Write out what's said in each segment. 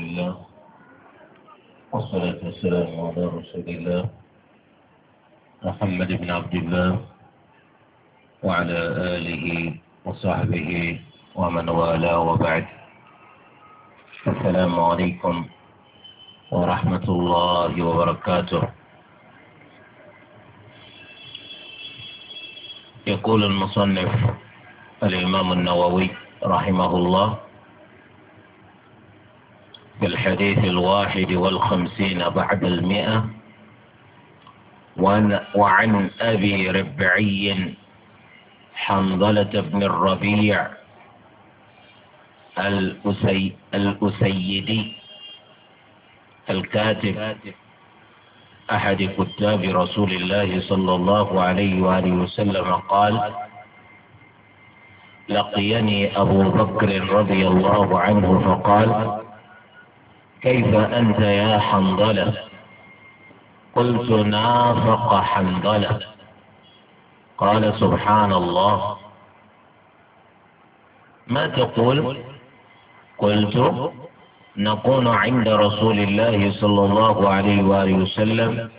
لله والصلاة والسلام على رسول الله محمد بن عبد الله وعلى آله وصحبه ومن والاه وبعد السلام عليكم ورحمة الله وبركاته يقول المصنف الإمام النووي رحمه الله الحديث الواحد والخمسين بعد المئة وعن أبي ربعي حنظلة بن الربيع الأسي الأسيدي الكاتب أحد كتاب رسول الله صلى الله عليه وآله وسلم قال لقيني أبو بكر رضي الله عنه فقال كيف أنت يا حنظلة قلت نافق حنظلة قال سبحان الله ما تقول قلت نكون عند رسول الله صلى الله عليه وآله وسلم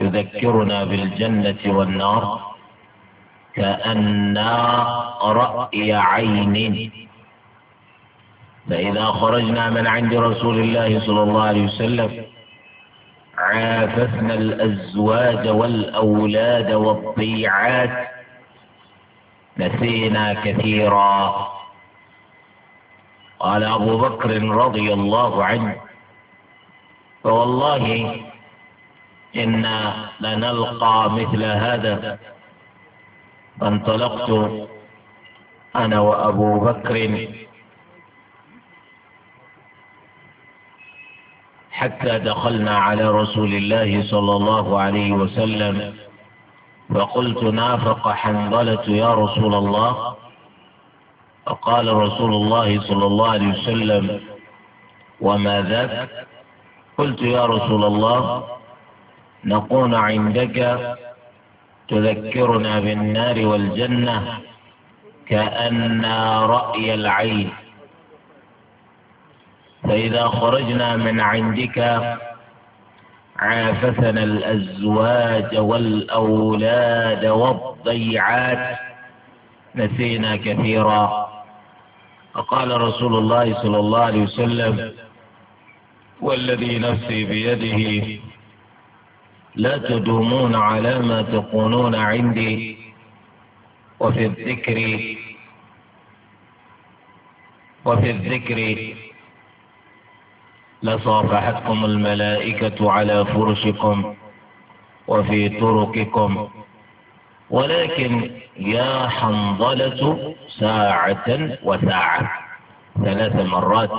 يذكرنا بالجنة والنار كأن رأي عين فإذا خرجنا من عند رسول الله صلى الله عليه وسلم عافتنا الأزواج والأولاد والضيعات نسينا كثيرا قال أبو بكر رضي الله عنه فوالله إنا لنلقى مثل هذا فانطلقت أنا وأبو بكر حتى دخلنا على رسول الله صلى الله عليه وسلم فقلت نافق حنظلة يا رسول الله فقال رسول الله صلى الله عليه وسلم وما ذاك قلت يا رسول الله نكون عندك تذكرنا بالنار والجنة كأن رأي العين فإذا خرجنا من عندك عافتنا الأزواج والأولاد والضيعات نسينا كثيرا فقال رسول الله صلى الله عليه وسلم والذي نفسي بيده لا تدومون على ما تقولون عندي وفي الذكر وفي الذكر لصافحتكم الملائكة على فرشكم وفي طرقكم ولكن يا حنظلة ساعة وساعة ثلاث مرات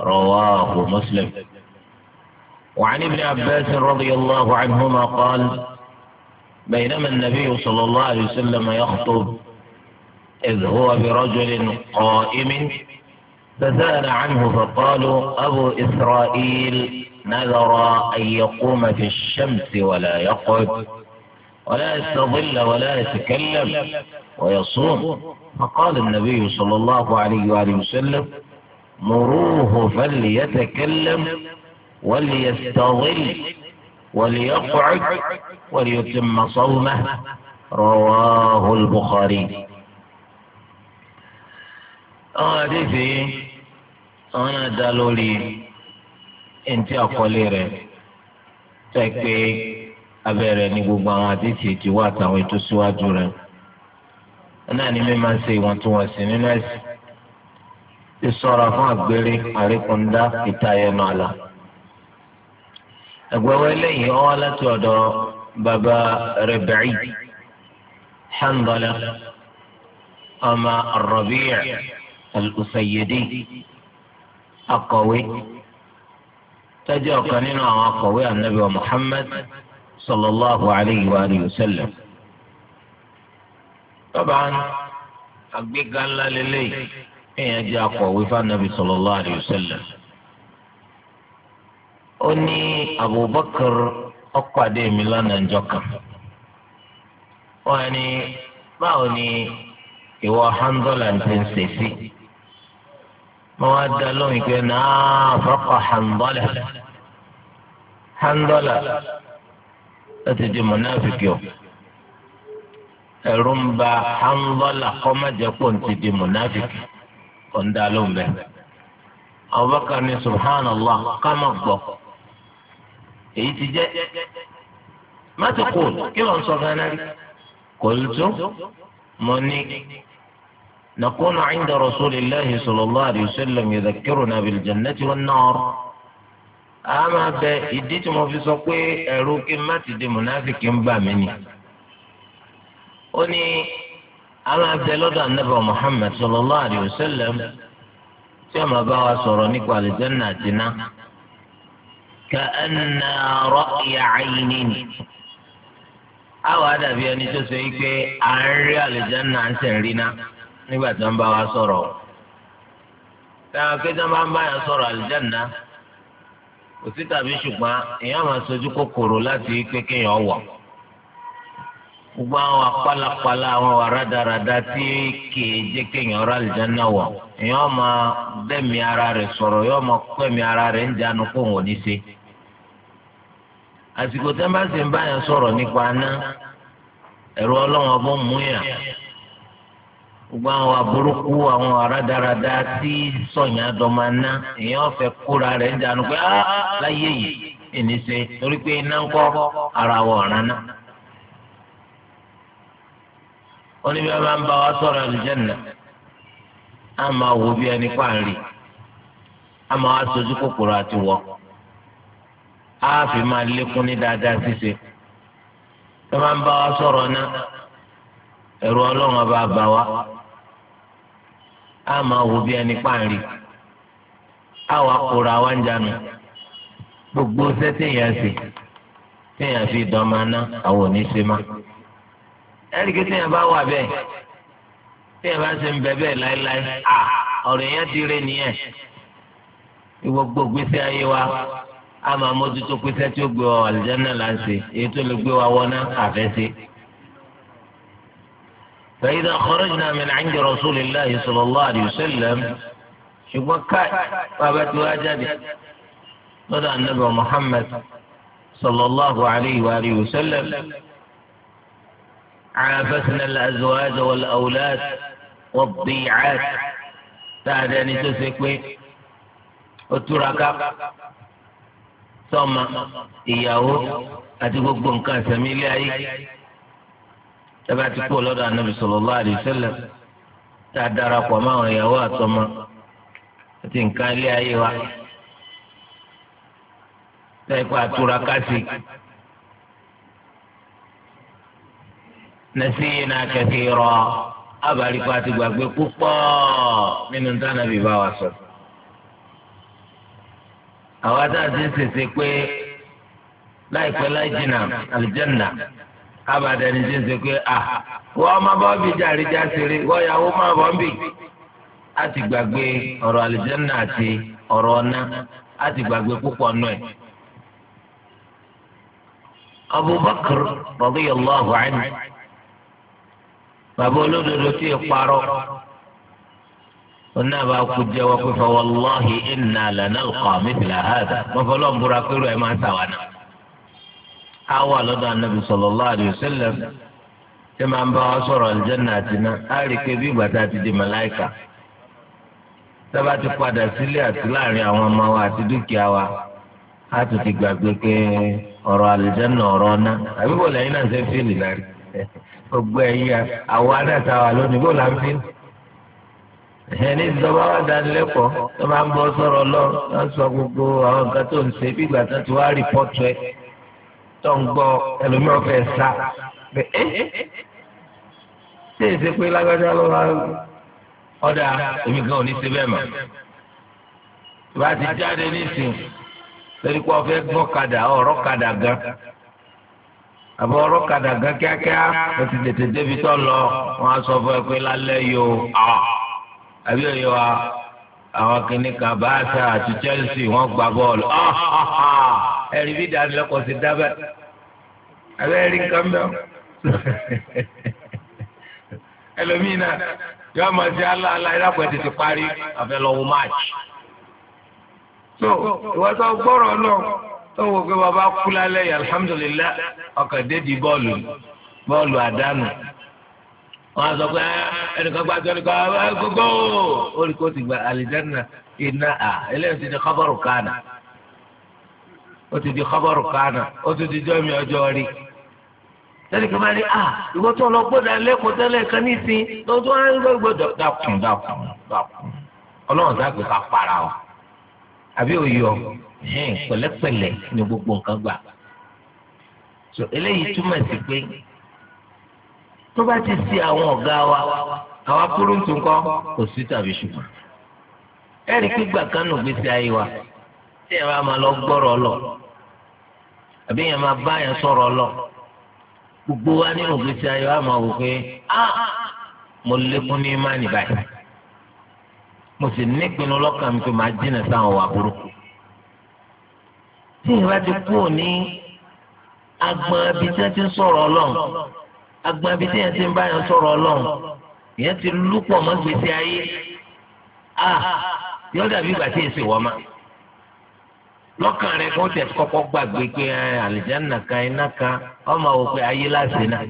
رواه مسلم وعن ابن عباس رضي الله عنهما قال بينما النبي صلى الله عليه وسلم يخطب إذ هو برجل قائم فسأل عنه فقالوا أبو إسرائيل نذر أن يقوم في الشمس ولا يقعد ولا يستظل ولا يتكلم ويصوم فقال النبي صلى الله عليه وآله وسلم مروه فليتكلم وليستظل وليقعد وليتم صومه رواه البخاري آه àwọn náà dá lórí ẹntì àkọlé rẹ tẹ pé abẹ́rẹ́ ní gbogbo àwọn àdìsí ti wá àtàwọn ètò síwájú rẹ náà ni mi máa ń ṣe ìwọ̀ntúnwọ̀nsì nínú ẹ̀sìn ti sọ̀rọ̀ fún àgbèrè àríkúndá ìtayẹnu àlà. ẹgbẹ́wọ́ eléyìí ó láti ọ̀dọ̀ bàbá Rabi'i Handala ọmọ Rabi' al-Usayyidi akọ̀wé tọ́jú ọ̀kan nínú àwọn akọ̀wé anabi wa muhammad sallallahu alayhi wa sallam. bàbá àgbéga ńlá lélẹ́yìí èèyàn jẹ́ akọ̀wé fanabi sallallahu alayhi wa sallam. ó ní abubakar ọkọ̀ adé mi lánàá njọ́ kan. wọ́n á ní báwo ni ìwọ hanzọ́là ń ti ń ṣe sí i wọn wá dá lóhùn pé náà fọkọ hàndọlẹ hàndọlẹ ó ti di mọnàfíkì o ẹ̀rù ń ba hàndọlẹ kọmájẹpọ ti di mọnàfíkì kò ń dá lóhùn bẹ́ẹ̀ Abubakar ni subhanallah kama gbọ́ èyí ti jẹ má ti kú kí ló ń sọ ganan kò ń tó mo ní. نكون عند رسول الله صلى الله عليه وسلم يذكرنا بالجنة والنار أما ìdí tí mo fi sọ pé ẹ̀rù kí n má ti di mùnáfíkì ń bà mí ni ó ní àwọn abẹ lọ́dọ̀ anábà Muhammad sallallahu alayhi wa sallam tí wọ́n máa bá wa sọ̀rọ̀ nípa àlùjánnà àtiná ka anna ra'ya aynin àwọn àdàbí ẹni tó sọ yìí pé à ń rí àlùjánnà à ń sẹ̀ ń rí náà. nígbà tí wọ́n bá wa sọ̀rọ̀ táwọn akéde máa ń báyà sọrọ àlùjáná kò sí tàbí ṣùgbọ́n èèyàn máa sojú kòkòrò láti pé kéèyàn wọ. gbogbo àwọn apalapala àwọn àràdàràdà tí kìí jẹ́ kéèyàn ra àlùjáná wọ̀ èèyàn máa bẹ́mi ara rẹ̀ sọ̀rọ̀ yóò máa pẹ́mi ara rẹ̀ ń jánu kó wọ́n ní ṣe àsìkò bá sì ń nípa ẹ̀rọ ọlọ́wọ́n bó mú gbogbo àwọn aburúkú àwọn aradarada tí sọnyà dọmọ ná èèyàn fẹ́ kóra rẹ̀ ń dànù pé ah, ah, ah, láyé yìí torí pé iná ń kọ ara wọ ọ̀ràn náà. ní bí wọn bá ń bá wa A ma á máa wò bí ẹni á máa wá sojú kòkòrò wọ á fi máa lékún ní dáadáa ṣíṣe wa sọrọ náà ọba a máa wo bí ẹni páàrin a wà kóra wa ń janu gbogbo sẹ́sẹ̀ yẹn ṣe téèyàn fi dán máa ná àwọn ò ní ṣe má ẹnìkí téèyàn bá wà bẹ́ẹ̀ téèyàn bá ṣe ń bẹ bẹ́ẹ̀ láéláé à ọ̀rọ̀ yẹn ti ré nìyẹn gbogbo gbèsè ayé wa a máa mójútó pèsè tí ó gbé wa wà àlùjánnà là ń ṣe èyí tó lè gbé wa wọ́ná àfẹ́ ṣe. فإذا خرجنا من عند رسول الله صلى الله عليه وسلم شبكاء فابت واجد بدأ النبي محمد صلى الله عليه وآله وسلم عافسنا الأزواج والأولاد والضيعات ان تسكوي وتركا ثم إياه أتبقى كاسمي لايك tábà ti kú ọlọ́dọ̀ anabi sallallahu alaihi wasallam tá a darapọ̀ mọ́ àwọn ìyàwó àtọmọ àti nǹkan ilé ayé wa lẹ́ẹ̀kọ́ àtúra kásì. rọ kẹsìrọ abalikọ àti gbàgbé púpọ̀ nínú tánàbí bá wa sọ. àwa táà ti sèse pé abàdàní ti ń wọ pé à wọ́n máa bọ́ bí jàre já seré wọ́n yàwó máa bọ́ bì a ti gbàgbé ọ̀rọ̀ àlùjànnà àti ọ̀rọ̀ ọ̀nà á ti gbàgbé púpọ̀ nù ẹ̀. Abubakar radiyallahu anhu bàbá olódodo tí ì parọ́ oní àbá kú jẹ́wọ́ pé wallahi inna lanalqa mithla ń ẹ̀ máa ń awa lọ́dọ̀ anabi sallallahu alayhi wa tí màá bá wa sọ̀rọ̀ na àti iná á bí ìgbà tá a ti di màláìka sábà ti padà sílé àti láàrin àwọn ọmọ wa àti dúkìá wa tún ti gbàgbé pé ọ̀rọ̀ aljanna ọ̀rọ̀ ọ̀nà àbí bò lẹ́yìn náà ṣe fíìlì lárí gbogbo ẹ̀yìn àwọn adáta wa lónìí bò là ń fíìlì ẹni ìjọba wa dánilẹ́kọ̀ọ́ tó máa ń bọ́ sọ̀rọ̀ sọ gbogbo àwọn tó ń gbọ́ ẹlòmíì ọ̀fẹ́ sá bẹ́ẹ̀ ṣé èsì pé lágbájá ló wá ọ̀dà èmi gan ò ní ṣe bẹ́ẹ̀ mọ̀ bá ti jáde nísìn lórí pé ọ̀fẹ́ gbọ́ kadà ọ̀rọ̀ kadà gan àbọ̀ ọ̀rọ̀ kadà gan kíákíá o ti tètè débi tó lọ wọn á sọ fún ẹ pé lálẹ́ yóò àbí òye wa àwọn kìnnìkan bá a sá àti Chelsea wọ́n gba bọ́ọ̀lù. ẹ̀rí bí ìdánilẹ́kọ̀ọ́ ti dábẹ́ abẹ́ rí nǹkan bẹ́ẹ̀ ẹlòmíín náà yóò máa ṣe aláàlá ìdàpọ̀ ẹ̀ tètè parí àfẹlọ́wọ́ máàjì. so ìwọ tó gbọ́rọ̀ náà tó wò pé bàbá kú lálẹ́ yìí alhamdulillah ọkàn dédì bọ́ọ̀lù bọ́ọ̀lù àdánù wọn sọ pé eh, ẹnìkan gba tó ẹnìkan eh, gbogbo olùkó ti gba àlìjáná iná à eléyìí ti di kọ́bọ̀rù kánà ó ti di kọ́bọ̀rù kánà ó ti di jọ́mi ọjọ́ rí tẹ́lẹ̀ kí n bá ní à ah, ìwọ tó lọ gbọ́dọ̀ lẹ́kọ̀ọ́ tẹ́lẹ̀ kan nísìn lọ́dún á ń gbọ́dọ̀ dákun dákun dákun ọlọ́run dàgbé ká para o àbí òye ọ pẹ̀lẹ́pẹ̀lẹ́ ni gbogbo nǹkan gbà so eléyìí túmọ̀ sí pé tó bá ti ṣe àwọn ọ̀gá wa àwa kúrú ń tún kọ́ kò sí tàbí ṣùgbọ́n ẹ̀rí gbígbà kan nù gbèsè ayé wa. tí yẹn bá lọ gbọ́rọ̀ lọ àbí yẹn máa bá yẹn sọ̀rọ̀ lọ gbogbo wa nínú gbèsè ayé wa máa wò pé ah, ah, ah mo lékún ní imáàní báyìí mo sì nípinnu lọ́kàn mi pé màá jìnnà sáwọn wà burúkú tí yẹn bá ti kú òní agbọn abí tí yẹn ti ń sọ̀rọ̀ ọlọ́run agbọn abí tí yẹn ti ń bá yẹn sọ̀rọ̀ ọlọ́run ti lúpọ̀ mọ́ gbèsè ayé ah, ìgbà tí èsì wọ́n máa. lọ́kàn rẹ̀ kó tẹ̀ kọ́kọ́ gbàgbé pé eh, àlìjáná kan iná kan ọmọ wò pé ayé láti náà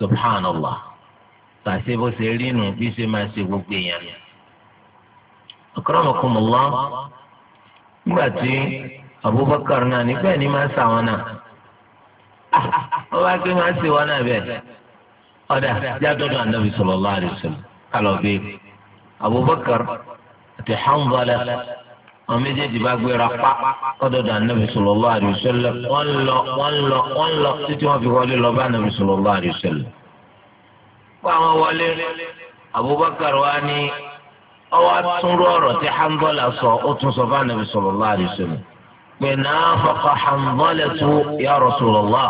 subhanallah pàṣẹ bó ṣe rí nu bí ṣe máa ṣe gbogbo èèyàn nù. akramakumullah nígbà tí abubakar náà nígbà ní máa ṣà wọn náà wọ́n bá gbé máa ṣe wọn náà bẹ́ẹ̀ ọ̀dà anabi kálọ̀ bẹ́ẹ̀ abubakar àti àwọn méjèèjì bá gbéra pa ọdọdọ anabi sallallahu alaihi wasallam wọn lọ wọn lọ wọn lọ títí wọn fi wọlé lọ bá anabi sallallahu alaihi wasallam. pa àwọn wọlé abubakar wa ni ọwọ atúnrú ọ̀rọ̀ tí hanbọlá sọ ó tún sọ bá anabi sallallahu alaihi wasallam pé náà fọkà hanbọlá tó ya rasulullah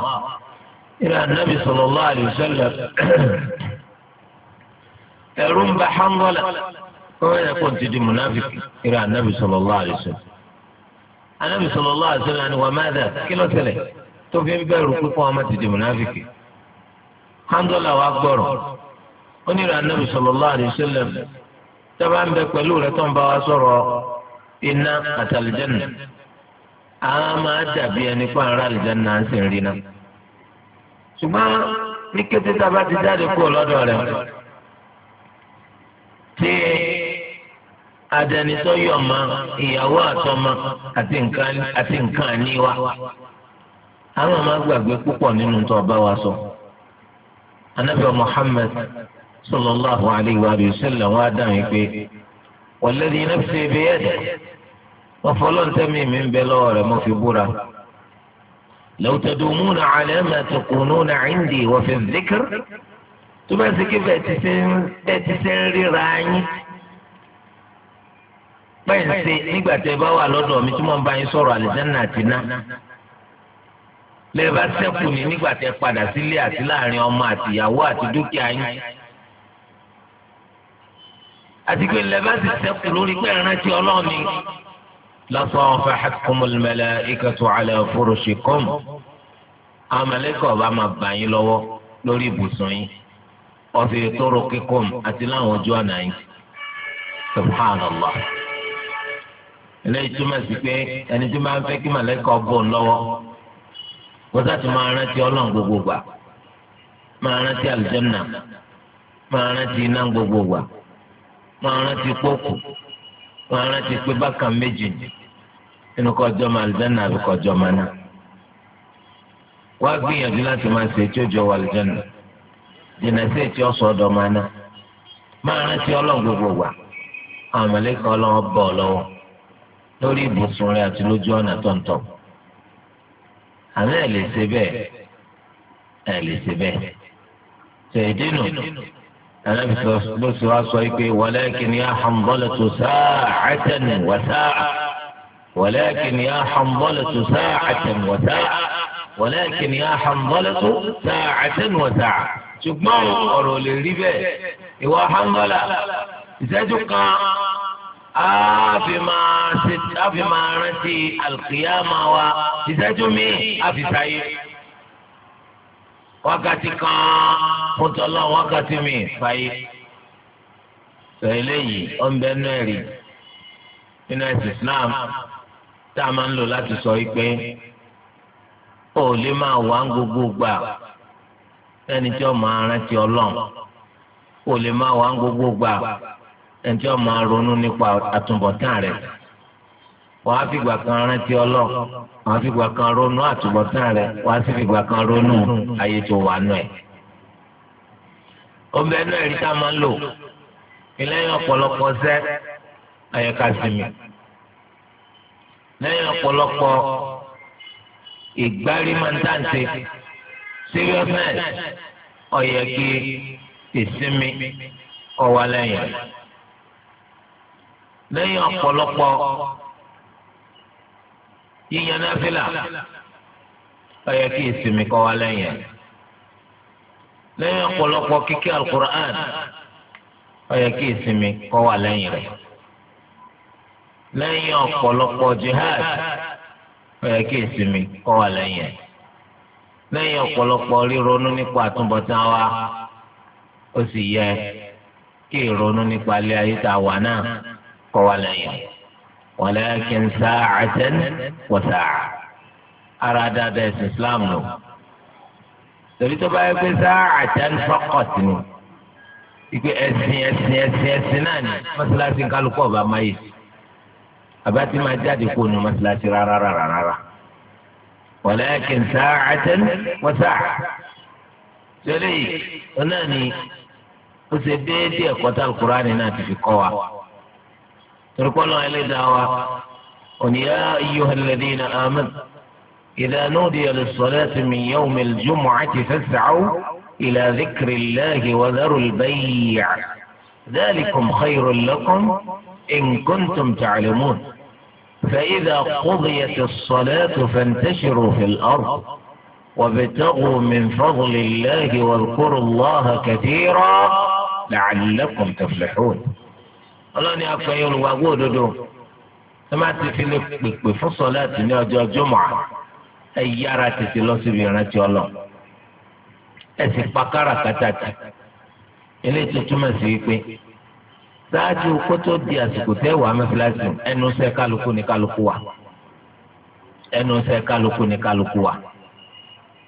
ìrẹ anabi sallallahu alaihi wọ́n yẹ kó ti di munafiki irú anabi sallallahu alaihi wasallam anabi sallallahu alaihi wasallam ni wà má dà kí ló ṣẹlẹ̀ tó fi ń bẹ̀rù pípọ́ ọmọ ti di munafiki handola wa gbọ́rọ̀ ó ní irú anabi sallallahu alaihi wasallam dábàá ń bẹ pẹ̀lú rẹ tó ń bá wa sọ̀rọ̀ iná àtàlìjẹ́nà a máa dàbí ẹni pé ara àlìjẹ́nà ń rí náà ṣùgbọ́n ní kété tá ti jáde kúrò lọ́dọ̀ rẹ̀ tí adẹnitọ́yọ̀mọ ìyàwó àtọmọ àti nǹkan àníwá. àwọn máa gbàgbé púpọ̀ nínú tó ọba wa sọ. anabi muhammed sallallahu alayhi wa sallam wa dáhùn pé walladhi nafsi biyadihi wọ́n fọlọ́ntẹ́mì mi ń bẹ lọ́wọ́ rẹ̀ mo fi búra. لو تدومون على ما تكونون عندي وفي الذكر تبقى كيف تسير تسير راني pẹ́ǹsì nígbà tẹ́ bá wà lọ́dọ̀ mi tí mo ń bá yín sọ̀rọ̀ àlìjáná àti iná lẹ́ẹ̀bá sẹ́kù mi nígbà tẹ́ padà sílé àti láàrin ọmọ àti ìyàwó àti dúkìá yín àti pé lẹ́ẹ̀bá sì sẹ́kù lórí pé ìrántí ọlọ́ọ̀ni lọ́sàn fàḥàkùm mẹlẹ ìkẹtù alẹ́ fúrúṣì kọ́m àwọn mẹlẹ́kọ̀ bá máa bá yín lọ́wọ́ lórí ibùsùn yín ọ̀fẹ́ tó rọ kíkọ́m àti láwọn ojú àná yín subhanallah. eléyìí túmọ̀ sí pé ẹni tó máa ń fẹ́ kí màlẹ́kà ọ lọ́wọ́ kó sáà máa rántí ọlọ́run gbogbo máa rántí àlùjànnà máa rántí iná gbogbo máa rántí pópò máa rántí pé bákan méjì nínú kọjọ́ máa àlùjànnà àbí kọjọ́ máa náà wá gbìyànjú láti máa ṣe tí ó jọ wà àlùjànnà jìnnà sí ètí ọ̀sọ̀ ọ̀dọ̀ máa náà máa rántí ọlọ́run ọlọ́run bọ̀ lọ́wọ́. lórí ibùsùn rẹ àti lójú ọ̀nà tọ̀ntọ̀ àmì ẹ̀ lè ṣe bẹ́ẹ̀ ẹ̀ lè ṣe bẹ́ẹ̀ ṣe ìdínú ẹ̀rẹ́bí ló ti wá sọ pé walakin ya hanzalatu sa'atan wa sa'a walakin ya hanzalatu sa'atan wa sa'a walakin ya hanzalatu sa'atan wa sa'a ṣùgbọ́n ọ̀rọ̀ lè rí bẹ́ẹ̀ ìwà hanzala ìṣẹ́jú kan àfi máa rántí àlùkìyàmà wa ìṣẹ́jú mi àfi sáyé wákàtí kan fúntọ́lọ́ wákàtí mi fàyè sọ eléyìí ọ̀nbẹ náà rí nínú ẹ̀sìn Islam tá a máa ń lò láti sọ pé ó lè máa wà ń gbogbo gbà ẹni tí ó máa rántí Ọlọ́run ó lè máa wà gbogbo gbà. ẹnjẹ́ ọmọ ronú nípa àtúbọ̀tán rẹ̀ á fìgbà kan rántí ọlọ́ á fìgbà kan ronú àtúbọ̀tán rẹ̀ á sì fìgbà kan ronú ayé tó wà nù ẹ̀. ọbẹ̀ náà rí tá a máa ń lò lẹ́yìn ọ̀pọ̀lọpọ̀ sẹ́ ayẹ̀ká sinmi lẹ́yìn ọ̀pọ̀lọpọ̀ ìgbárí máa ń dáǹtẹ̀ seriousness ọ̀yẹ̀kí ìsinmi ọ̀wá lẹ́yìn lẹ́yìn ọ̀pọ̀lọpọ̀ yíyan náfìlà ó yẹ kí ìsinmi kọ́ wa lẹ́yìn lẹ́yìn ọ̀pọ̀lọpọ̀ kíkẹ́ alukur'an ó yẹ kí ìsinmi kọ́ wa lẹ́yìn rẹ̀ lẹ́yìn ọ̀pọ̀lọpọ̀ jihad ó yẹ kí ìsinmi kọ́ wa lẹ́yìn ẹ̀ lẹ́yìn ọ̀pọ̀lọpọ̀ ríronú nípa àtúbọ̀tán wa ó sì yẹ kí ìrònú nípa ilé ayé tá wà náà. kọ́ wa lẹ́yìn walakin sa'atan wa sa'a ara dáadáa ẹ̀sìn islam lò torí tó bá yẹ pé sa'atan faqat ni ìpè ẹ̀sìn ẹ̀sìn ẹ̀sìn ẹ̀sìn náà ni mọ́sálásí kálukú ọ̀bá máa yẹ abati máa jáde kó nu mọ́sálásí rárá rárá rárá walakin sa'atan wa sa'a ọ̀nà ni ó ṣe déédéé ẹ̀kọ́ tá Al-Qur'ani náà ti fi kọ́ wa. تركونا إليه دعوة قل يا أيها الذين آمنوا إذا نودي للصلاة من يوم الجمعة فاسعوا إلى ذكر الله وذروا البيع ذلكم خير لكم إن كنتم تعلمون فإذا قضيت الصلاة فانتشروا في الأرض وابتغوا من فضل الله واذكروا الله كثيرا لعلكم تفلحون ọlọ́ni afẹ́yìn olùwàgbọ́ òdodo ẹ má ti fi lè pèpè fún sọ́láàtì ní ọjọ́ jùmọ̀ ẹ yára tètè lọ síbi ìrántí ọlọ ẹ sì pa káràkátà tì eléyìí tó túmọ̀ sí wípé ṣáájú kó tó di àsìkò tẹ́wàá mẹ́fìlásì ẹnu sẹ́ kálukú ní kálukú wa ẹnu sẹ́ kálukú ní kálukú wa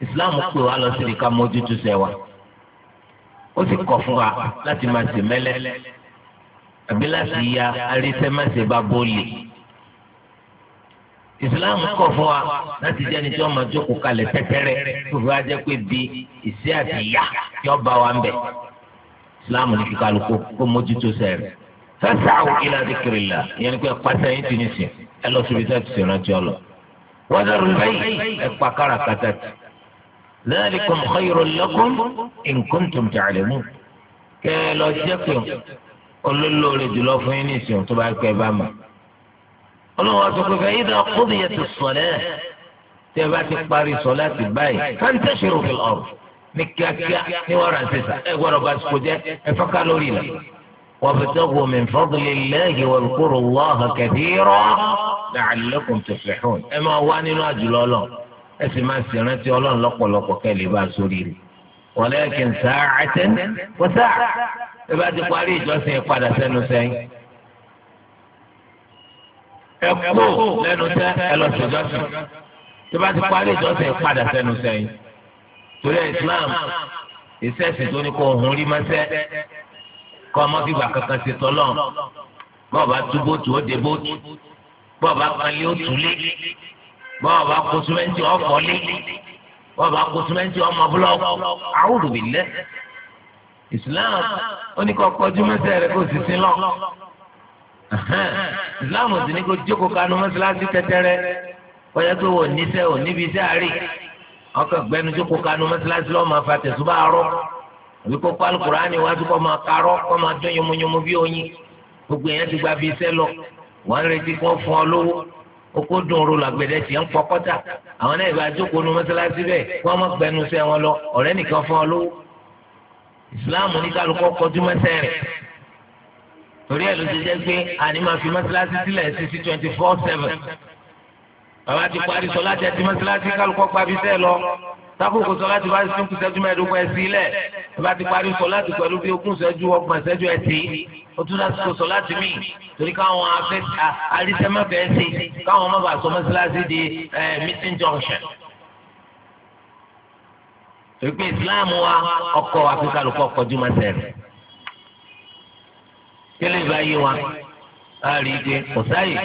Islam pè wá lọ sí ìka mójútó sẹ́wà ó sì kọ̀ fún wa láti máa sì mẹ́lẹ́ àbílàsì ya arísẹ́mẹsẹ̀ bá bọ́ọ̀lì. ìsìláàmù kọ̀ fún wa láti jẹ́ ẹni tí wọ́n máa jókòó kalẹ̀ tẹ́tẹ́rẹ́ tó fi wá jẹ́ pé bí ìsí àti ìyá tí ó bá wa ń bẹ̀. ìsìláàmù ní kíkọ́ àlùkò kó mójútó sẹ́rẹ̀. sasa'u ila dhikrillah ìyẹn ni pé pàṣẹ yín ti ní sìn ẹ lọ síbi tẹ́ ti rántí ọ lọ. wọ́n dẹ̀rù bẹ́yì ẹ pa káràkátà tì. dhalikum khayrun olólóore jùlọ fún yín nísìnyí tó bá pẹ́ bá mọ̀ ọlọ́wọ́ sọ pé fẹ́ẹ́ yíra kóbi yẹn ti sọ̀lẹ́ tẹ́ bá ti parí sọ láti báyìí fẹ́ntẹ́sìrò fi ọ̀rọ̀ ní kíákíá ní wọ́n rà sísà ẹ gbọ́dọ̀ bá sọ jẹ́ ẹ fọ́ká lórí rẹ̀ wọ́n fi tẹ́ wọ́n mi fọ́gìlì lẹ́yìn kúrò wọ́ọ̀hà kẹ̀dí rọ́ làálẹ́kùn tó fẹ̀hún ẹ máa wá nínú àjùlọ lọ ẹ sì máa sì rántí ọlọ́run lọ́pọ̀lọpọ̀ kẹ́lẹ́ bá sórí rẹ̀ wọ́n lẹ́yìn kí n sáà ẹ bá ti parí ìjọsìn ìpadà sẹ́nu sẹ́yìn ẹ kó lẹ́nu tẹ́ ẹ lọ sí ìjọsìn tó bá ti parí ìjọsìn ìpadà sẹ́nu sẹ́yìn torí Islam ìsẹ́sìn tó ní kó ohun rí mọ́sẹ́ kọ́ ọmọ fìgbà kankan ti tọ́lọ̀ bọ́ọ̀ bá tú bóòtù ó de bóòtù bọ́ọ̀ bá kanlé ó túlé bọ́ọ̀ bá kó súnmẹ́ntì ọ̀fọ́lé bọ́ọ̀ bá kó súnmẹ́ntì ọmọ búlọ́ọ̀kù àwùjọ bìí lẹ́sẹ̀ islam oníkọ kọjú mẹsẹ rẹ kó sísin lọ islam sì ní kó jókòó kanu mẹsàlásì tẹtẹrẹ kọjá pé wò níṣẹ ò níbi iṣẹ àárẹ ọkọ gbẹnu jókòó kanu mẹsàlásì lọ máa fa tẹsùbà arọ àbí kó kó alukurani wájú kó máa karọ kó máa dún yomoyomo bí oyin gbogbo èèyàn ti gba bí iṣẹ lọ wọn retí kó fún ọ lówó oko dun ro lagbede tiẹ ń pọkọta àwọn náà ìbá jókòó nu mẹsàlásì bẹ́ẹ̀ kó wọn gbẹnu sẹ wọn lọ ọ̀rẹ́ nìkan fún ọ lówó. Islam ní kálukọ kọjú mẹsẹ rẹ torí ẹ ló ti jẹ pé àní máa fi mọ́sálásí sílẹ̀ sí sí twenty four seven bàbá ti parí sọ láti ẹtí mọ́sálásí kálukọ pàbí sẹ lọ sákòókò sọ láti wáyé sí kùsẹ́jú mẹ́ẹ̀ẹ́dógún ẹ sílẹ̀ bàbá ti parí sọ láti pẹ̀lú bí ogún sẹ́jú ọgbọ̀n sẹ́jú ẹ sí ó tún láti sọ láti mí torí káwọn afẹ́ àrísẹ́mọ́fẹ́ sí káwọn ọmọ bàá sọ mọ́sálásí di meeting junction èpè islam wa ọkọ àfikà lóko ọkọjú máa tẹ̀lé tẹ́lẹ̀ báyìí wa a rí i pé kò sáyè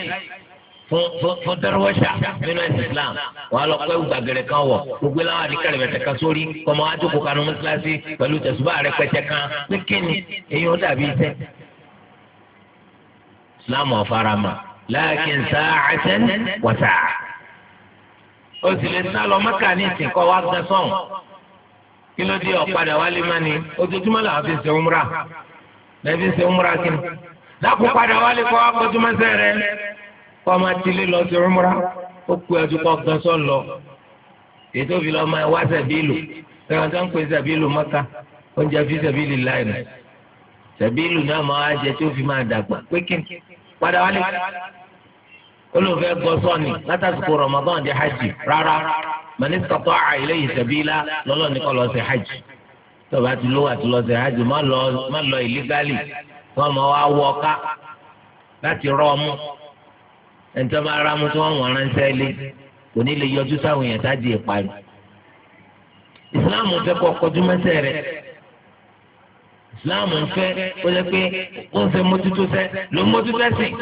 fún dárúwọ́sà nínú ẹ̀sìn islam wọn á lọ pé gbàgẹ̀rẹ̀ kan wọ̀ gbogbo láwọn àdìkẹ́rẹ̀ bẹ̀tẹ̀ kan sórí kọ́mọ ajókòó kanú mọ́sálásí pẹ̀lú tẹ̀sùbá rẹ̀ pẹ̀tẹ̀ kan pé kíni èyí ó dàbí iṣẹ́ islam ọ̀farama láàkín sáà àṣẹ wọ̀sà ó sì lè sá lọ mọ́kà ní ìsìnkọ́ wa gbẹ sọ́hùn. kí ló dé ọ̀padà wálé má ojoojúmọ́ làwọn fi ṣe umra lẹ́bí ṣe umra kí ni padà wálé kọ́ akọ́júmọ́sẹ́ rẹ kọ́ ọmọ atilé lọ sí umra ó kú ẹjú kọ́ gan lọ ètò ìfìlà ọmọ ẹ wá sẹ̀bílù ẹ̀rọ tó ń pè sẹ̀bílù mọ́ta oúnjẹ fi sẹ̀bílù láìnù sẹ̀bílù náà máa wá jẹ tí ó fi máa dàgbà pé kí padà wálé olùfẹ́ gọ sọ́ọ̀nì hajj rárá mani sọtọ àìlẹ yìí sẹbílà lọlọ ní kọ lọ sí hajj tọba ti lówó àti lọ sí hajj má lọ má lọ ìlígálì wọn mọ wá wọ ká láti rọ ọmú ẹnitọ́ bá ara mú tí wọ́n wọ̀n ránṣẹ́ lé kò ní lè yọjú sáwọn èèyàn sáàdì ìparí ìsìláàmù fẹ́ kọ́ kọjú mẹ́sẹ̀ rẹ̀ ìsìláàmù fẹ́ kó pé ó ń fẹ́ mójútó sẹ́ ló mójútó sìn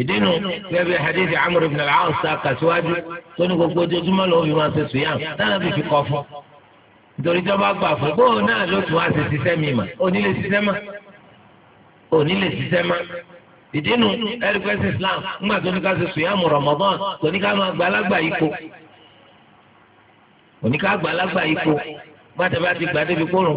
ìdínú gẹ́gẹ́ bí hadithi amr ibn al-aas kàṣíwájú tó ní gbogbo ojoojúmọ́ ló fi máa ṣe sùyàn náà fi fi kọ́ fún nítorí tí wọ́n bá gbà fún bóun náà ló tún wá ṣe ṣiṣẹ́ mi mà òní lè ṣiṣẹ́ mà òní lè ṣiṣẹ́ mà ìdínú ẹ̀ríkẹ́sì islam ńgbà tó ní ká ṣe sùyàn mu ramadan kò ní ká máa gba alágbà ipò kò ní ká gba alágbà ipò gbàtẹ́ bá ti gbàdébi kórùn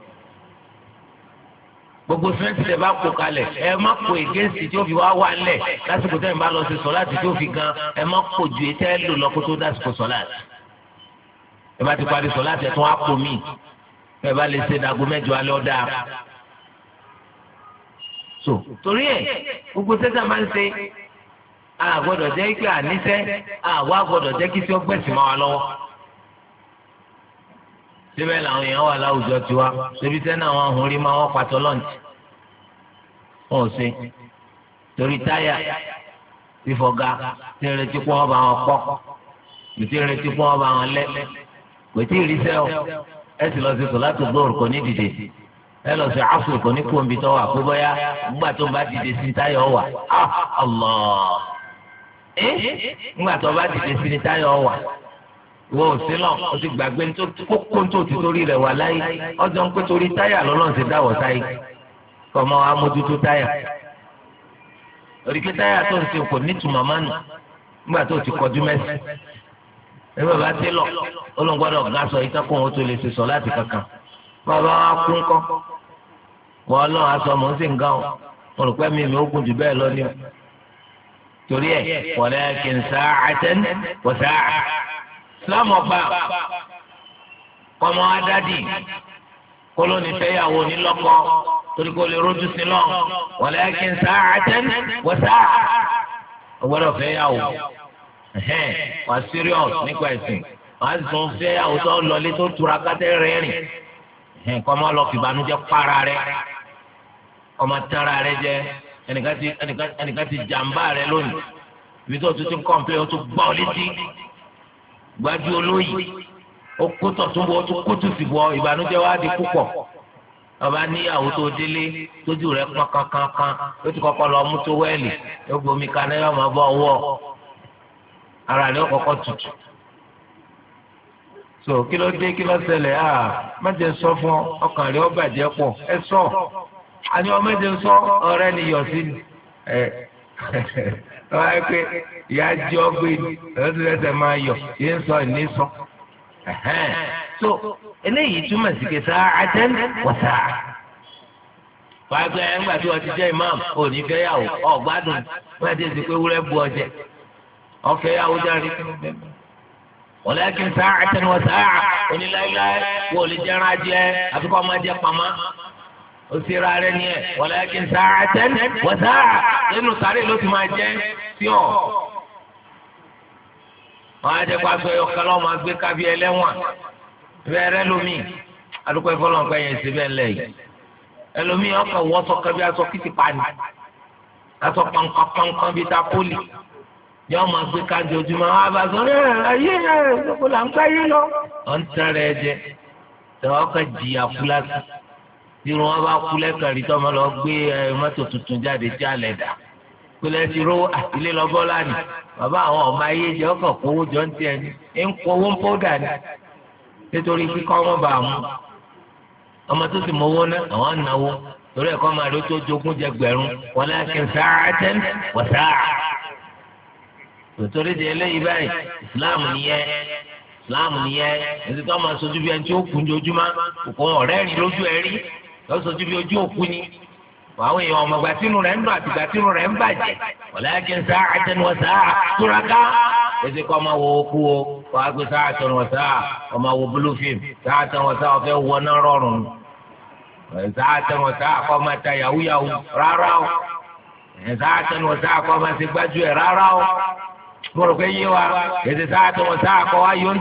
gbogbo sẹ́ńtì bá kó kalẹ̀ ẹ má kó ègéǹsì tí ó fi wá wà lẹ̀ lásìkò tẹ́ ẹ̀ bá lọ sí sọ́lá tí ó fi gan ẹ má kó ju etí ẹ lò lọ́kó tó dásìkò sọ́lá ẹ bá ti parí sọ́lá tẹ̀ tún á kó mi ẹ bá lè ṣe dàgó mẹ́jọ alẹ́ ọ̀dà so torí ẹ gbogbo sẹ́ńtì máa ń ṣe àgbọ̀dọ̀ jẹ́ pé àníṣẹ́ àwa gbọ́dọ̀ jẹ́ kí tí ó gbẹ̀sìn máa wà lọ́wọ́. síbẹ̀ làwọn èèyàn wà láwùjọ tiwa ṣebí sẹ́ni àwọn ọ̀hún rí máa wọ́n pàtó lọ́ǹtì wọn ò ṣe torí táyà ti fọ̀gà tí ń retí pọ́n ọba wọn pọ́ kò tí ń retí ọba wọn lẹ́ kò tí ì rí lọ sí láti ní dìde ẹ lọ sí àfò ní kóńbi tó wà pé bóyá nígbà tó bá ọ wà ah, nígbà tó bá dìde sí táyà ọ wà. ìwọ òsín lọ o ti gbàgbé kókó tó ti torí rẹ̀ wà láyé ọjọ́ ń pé torí táyà lọ́lọ́run ti dáwọ̀ sáyé kọ́mọ amójútó táyà òrìkí táyà tó ń sin kò ní tùmọ̀ mánu nígbà tó ti kọjú mẹ́sì ẹ ti lọ sọ lati òun tó lè ṣe sọ láti kankan bàbá wa kú ńkọ́ wọ́n lọ́ aṣọ mọ̀ ń sìn o mo rò pé ó torí ẹ̀ wọ́n lámọ̀gbà kọ́mọ adádì kólóni fẹ́yàwó nílọ́kọ torí kò lè sí lọ wọlé kí n sáà àtẹn wọ sáà ọgbọ́dọ̀ fẹ́yàwó wà serious nípa ẹ̀sìn wà sùn fẹ́yàwó tó lọlé tó tura kátẹ́ lọ para ọmọ ẹnìkan ti jàmbá lónìí ibi tó gbájú olóyè ó kó tọ̀tún bọ́ tó kó tún sì bọ́ ìbànújẹ́ di púpọ̀ ọba níyàwó tó délé tójú rẹ̀ pọn kankankan ó ti kọ́kọ́ lọ mú tó wẹ́ẹ̀lì ó gbomi kaná yóò máa bọ́ ọwọ́ ara rẹ̀ ó tutù so kí ló dé kí ló ṣẹlẹ̀ à ah, mẹ́jẹ sọ fún ọkàn rẹ̀ ó bàjẹ́ pọ̀ ẹ sọ àní ọmọ mẹ́jẹ sọ ọ̀rẹ́ ni yọ̀ sí ẹ wọ́n á pé ìyá jí ọgbẹ́ máa yọ yé sọ ìní so eléyìí túmọ̀ sí pé sáà àtẹ́n wọ̀ sáà. wọ́n pé tí wọ́n ti jẹ́ imam òní fẹ́yàwó ọ̀gbádùn wọ́n ti sì pé wúrẹ́ bu ọjẹ́ ọ̀fẹ́yàwó jáde wọ́n lẹ́kìn sáà àtẹ́n wọ̀ sáà wọ́n òsèrà rẹ ni ẹ walakin sa'atan wa sa'a nínú sáré ló ti máa jẹ fíọ̀ wọn á jẹ kó aṣọ ẹyọ kan lọ́wọ́ máa gbé kábí ẹlẹ́wọ̀n bẹ́ẹ̀ rẹ lómi adúgbò ẹ̀fọ́ lọ́nkọ́ yẹn ṣe bẹ́ẹ̀ lẹ̀ yìí ẹlòmí ọkọ̀ wọ́ sọ kábí aṣọ kìtì pani aṣọ pọnkan pọnkan bíi ta pólì yọọ máa gbé kájọ ojúmọ́ àwọn abàṣọ rẹ ayé ẹ ṣọkọ là ń gbáyé lọ. ọ̀ ń tẹ́rẹ̀ ẹ jẹ tẹ̀wọ́ kẹ́ jìyà fúlásì. tí wọn bá kú lẹ́kàrí tó máa lọ gbé mọ́tò tuntun jáde tí a lẹ̀ dà pẹlẹ ti ro bàbá àwọn ọmọ ayé jẹ ọkọ kówó jọ ń tiẹ̀ ń kówó ń nítorí kíkọ́ wọn bá mú ọmọ tó náà àwọn torí máa tó jogún jẹ wọn sáà di eléyìí báyìí islam nìyẹn islam nìyẹn tó máa sojú bí ẹni lọ́sọ̀tún bí ojú òkú ni àwọn èèyàn ọmọ ìgbà tínú rẹ̀ ń dùn àti ìgbà tínú rẹ̀ ń bàjẹ́ walakin sa'atan wa sa'a túraká èsì kọ́ ọmọ wo kú o wàá gbé sa'atan wa sa'a ọmọ wo blue film sa'atan wa sa'a ọ̀fẹ́ wọ náà rọrùn sa'atan wa sa'a kọ́ ọmọ ta yahoo yahoo rárá o sa'atan wa sa'a kọ́ ọmọ ti gbájú ẹ̀ rárá o mo rò pé yé wa èsì sa'atan wa sa'a kọ́ ayọ̀ ń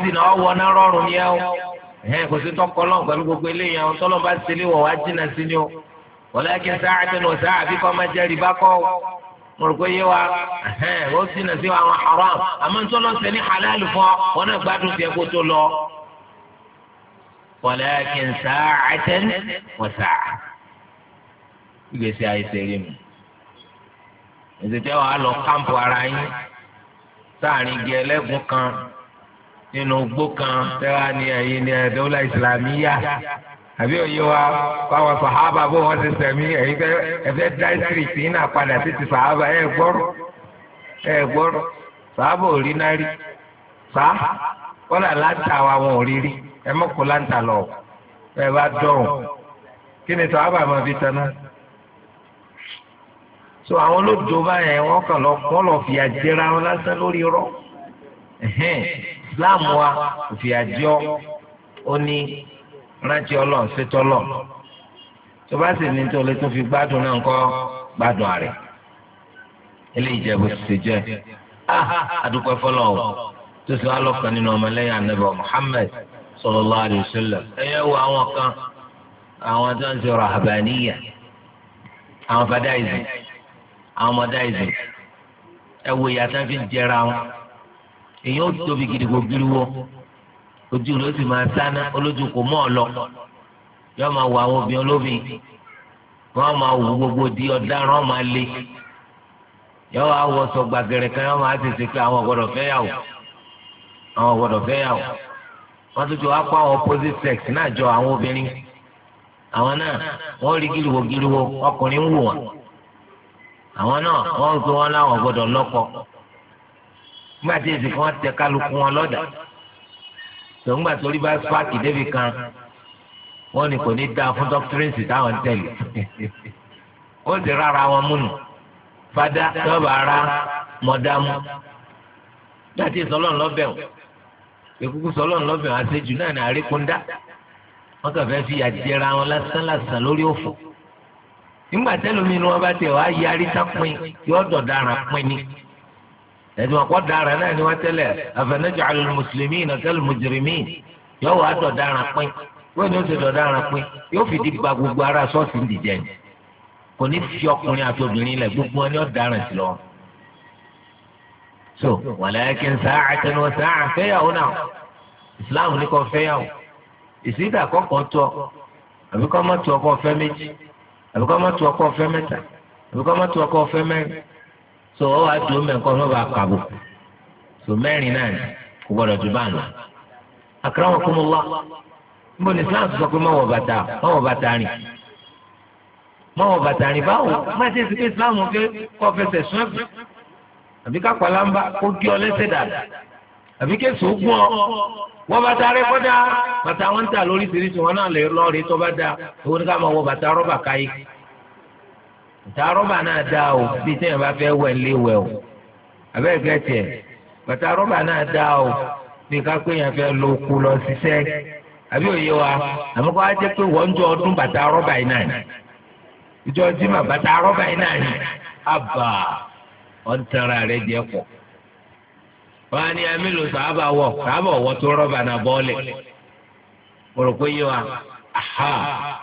ẹ̀hẹ́n kò sí tọ́kọ lọ́n pẹ̀lú gbogbo eléyìí àwọn tọ́lọ́ bá ti lé wọ̀ wá jìnnà sí ni o wọlé kí sáà tẹnu sáà àbí kọ́ máa jẹ́ rìbá kọ́ mo rò pé yé wa ẹ̀hẹ́n ó jìnnà sí àwọn haram àmọ́ tọ́lọ́ sẹ́ ní halal fún ọ wọn náà gbádùn tiẹ̀ kó tó lọ. wọlé kí sáà tẹnu wọ̀ ìgbésí ayé sẹ́rí mu ìṣèjọba lọ káàmpù ara yín sáàrin nínú gbó kan tẹ́wá ní ẹ̀yìn ní ẹ̀dọ́là ìsìlámíyà àbí òye wa báwọn sàhábà bó wọn ti sẹ̀mí ẹ̀yìn tẹ́ ẹ̀fẹ́ dá ìsìrìtì náà padà sí ti sàhábà ẹ̀ gbọ́rọ̀ ẹ̀ gbọ́rọ̀ sàhábà ò rí náà rí sá wọ́n là láǹtà wa wọn ò rí rí ẹ mọ̀ kó láǹtà lọ ẹ bá dọ̀rùn kí ni sàhábà máa fi tẹ̀ so àwọn olódò báyẹn wọ́n kàn lọ wọ́n lọ fìyà jẹra wọn lásán lórí rọ́ọ̀ islam wa òfìàjọ ó ní rántí ọlọ́run ṣètọ́lọ̀ tó bá sì ní tó lè tún fi gbádùn náà kọ́ gbádùn àrẹ̀ eléyìí jẹ́ bó ti ṣe jẹ́ àdúpẹ́ ah, fọlọ́ o tó sì wá lọ́kàn nínú ọmọlẹ́yìn anábì Muhammad sallallahu alaihi wasallam ẹ̀yẹ wo àwọn kan àwọn tó ń ṣe rahabaniyya àwọn fadaism àwọn mọdáism ẹ ìyá tó ń fi jẹra wọn. èyàn ó tóbi gidigbo giriwo ojú ló sì máa sáná olójú kò mọ́ ọ lọ máa wọ àwọn obìnrin olóbìn wọn máa wù gbogbo di ọ̀daràn máa le yóò wá wọ kan yóò máa tètè pé àwọn ọ̀gbọ́dọ̀ fẹ́ yà wò àwọn fẹ́ yà wò ti wá àwọn opposite sex náà jọ àwọn obìnrin àwọn náà rí ọkùnrin ń àwọn náà ń láwọn lọ́kọ̀ọ́ nígbà tí èsì kan tẹ kálukú wọn lọ́dà tòǹgbà torí bá spáàkì débi kan wọn ni kò ní dáa fún dọ́kítírẹ́sì táwọn tẹ̀lé ó sì rárá wọn múnu fada tọ́ba ara mọ̀dámú láti sọlọ́n lọ́bẹ̀ o ìkúkú sọlọ́n lọ́bẹ̀ o àṣejù náà ní àríkúndá wọn kàn fẹ́ fi àjẹra wọn lásán lásán lórí òfò nígbà tẹ́lómi ni wọ́n bá tẹ̀ wá yarí sápin yọ̀ọ́dọ̀ dára pin ni ẹ̀sìn wọn kọ́ dára náà ni wọ́n tẹ́lẹ̀ àfẹnẹ́jọ àlùl mùsùlùmí nàkẹ́lù mùjìrìmí yóò wá dọ̀daràn pín wọ́n ní ó ti dọ̀daràn pín yóò fi di gba gbogbo ara sọ́ọ̀sì ń dìjẹ́ ni kò ní fi ọkùnrin àti obìnrin lẹ̀ gbogbo wọn ni ó daràn sí lọ. so wàlẹ́kìn sáà àtẹnu sáà fẹ́yàwó náà Islam ní kò fẹ́yàwó ìsìnkà kọ̀ọ̀kan tọ́ àbíkọ́ mọ́tò ọkọ̀ fẹ́ méjì àbíkọ́ mọ́tò ọkọ̀ fẹ́ mẹ́ta àbíkọ́ mọ́tò ọkọ̀ fẹ́ mẹ́rin so wa wá o mẹ nǹkan ọlọ́ba so mẹ́rin náà ni kò gbọdọ̀ ju bá nù. akramakumullah níbo ni islam sọ pé má bàtà má bàtà rìn má islam fẹ́ kọ́ fẹsẹ̀ sún ẹ̀bùn àbí ká pàlámbá kó gé ọ ọ bàtà rẹ kọjá bàtà wọn ń tà wọn náà lè lọ rí bá owó ní ká bàtà rọ́bà náà dá o bí téèyàn bá fẹ́ wẹ̀ lé wẹ̀ o abẹ́rẹ́ gẹ̀ẹ́tì ẹ̀ náà dá o bí kápẹ́ yẹn fẹ́ lo kú lọ ṣiṣẹ́ àbí òye wa àmọ́ kó jẹ́ pé wọ́n ń jọ ọdún yìí náà ni ìjọ jimá bàtà yìí náà ni àbà ọ̀ntara rẹ̀ jẹ́ pọ̀ wọ́n á ní amílò sàábà wọ̀ sàábà wọ̀ tó rọ́bà náà bọ́ọ̀lì mo rò wa aha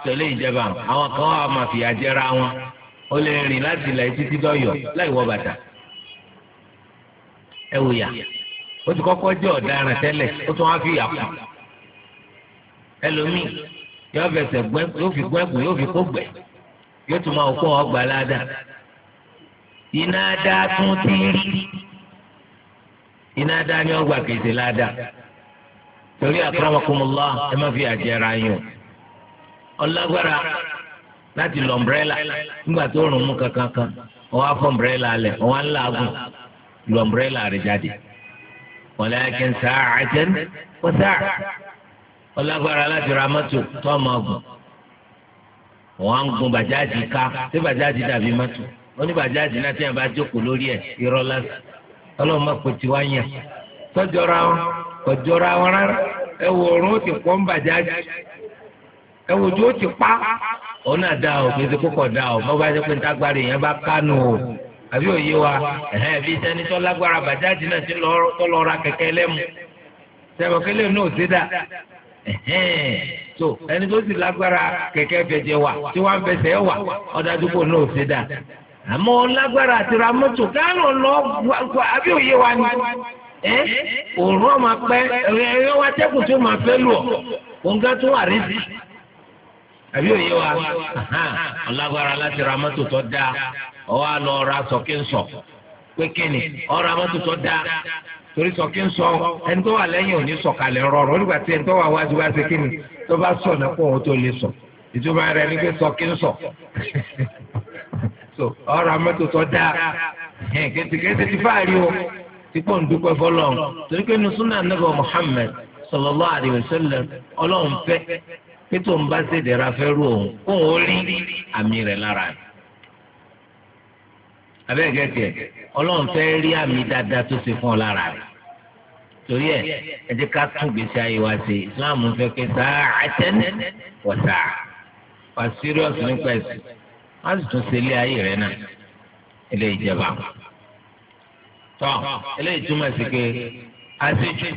tẹ̀lé ìjẹba àwọn kan máa o lè rìn láti ilẹ̀ títí dọ́yọ̀ láì wọ bàtà ẹ wò yà ti kọ́kọ́ jẹ́ ọ̀daràn tẹ́lẹ̀ tún wá fi yà kù ẹlòmíì yóò fẹsẹ̀ gbẹ́ yóò fi gbẹ́kùn yóò fi kó gbẹ́ yóò tún máa kó ọgbà ládàá iná dá tún ti iná dá ní ọgbà kejì ládàá torí akramakumullah ẹ má fi àjẹrà ọlágbára láti lọ ọmbrẹ́là nígbà tó rùn mú kankan kan wọ́n á ọmbrẹ́là lẹ̀ wọ́n á lọ ọmbrẹ́là rẹ̀ jáde. ọlágbára láti ra mọ́tò tó ọmọ ọgùn wọ́n ń gun bàjáàjì ká tí bàjáàjì dàbí mọ́tò náà tí wọ́n bá jókòó lórí ẹ̀ irọ́ ọlọ́run má pè tọ́jọ́ra wọn kọjọ́ra wọn rárá ọ̀run ó ti bàjáàjì ojú ó òun náà dá o kìí ṣe kókò dá o bá ṣe pé bá kánú o àbí òye wa bí tó lágbára bàjáde náà ti lọ ra kẹ̀kẹ́ lẹ́mu sẹ́wọ̀n kẹ́lẹ́ náà ṣe dá ẹ̀hẹ́n tó ẹni tó sì lágbára tí wọ́n fẹsẹ̀ wà ọ̀dájúkò náà ṣe lágbára àti ra lọ àbí òye wa ni tó máa lù àbí òye wa ọlágbára láti ra mọ́tò tó dáa ọwọ́ àlọ́ ọ̀ra sọ̀kínsọ̀ pé kíni ọ̀ra mọ́tò tó dáa torí sọ̀kínsọ ẹni tó wà lẹ́yìn òní sọ̀kalẹ̀ rọrùn nígbà tí ẹni tó wà wájú wá sí kíni tó bá sọ̀ náà kó òun tó lè sọ̀ ìtumọ̀ rẹ̀ ni pé sọ̀kínsọ̀ ọ̀ra mọ́tò tó dáa kẹ́tìkẹ́tì ti fáàrí o ti pọ̀ ń dúpẹ́ torí pé nusúnà nàbọ̀ Muhammad sallallahu alaihi wasallam ọlọ́run fẹ́ pé tó ń bá ṣèdèrà fẹ́rù òun òun ó rí àmì rẹ̀ lára rẹ̀ abẹ́ẹ̀gẹ́ tiẹ̀ ọlọ́run fẹ́ rí àmì dáadáa tó ṣe fún ọ lára rẹ̀ torí ẹ̀ ẹ jẹ́ ká tún gbèsè ayé wa ṣe islam fẹ́ pé sáà àtẹ́nẹ́ wọ̀tà wà sírìọ́sì nípa ẹ̀sìn wọ́n sì tún ṣe ilé ayé rẹ̀ náà ilé ìjẹba tọ́ ilé ìtumọ̀ sí pé àṣejù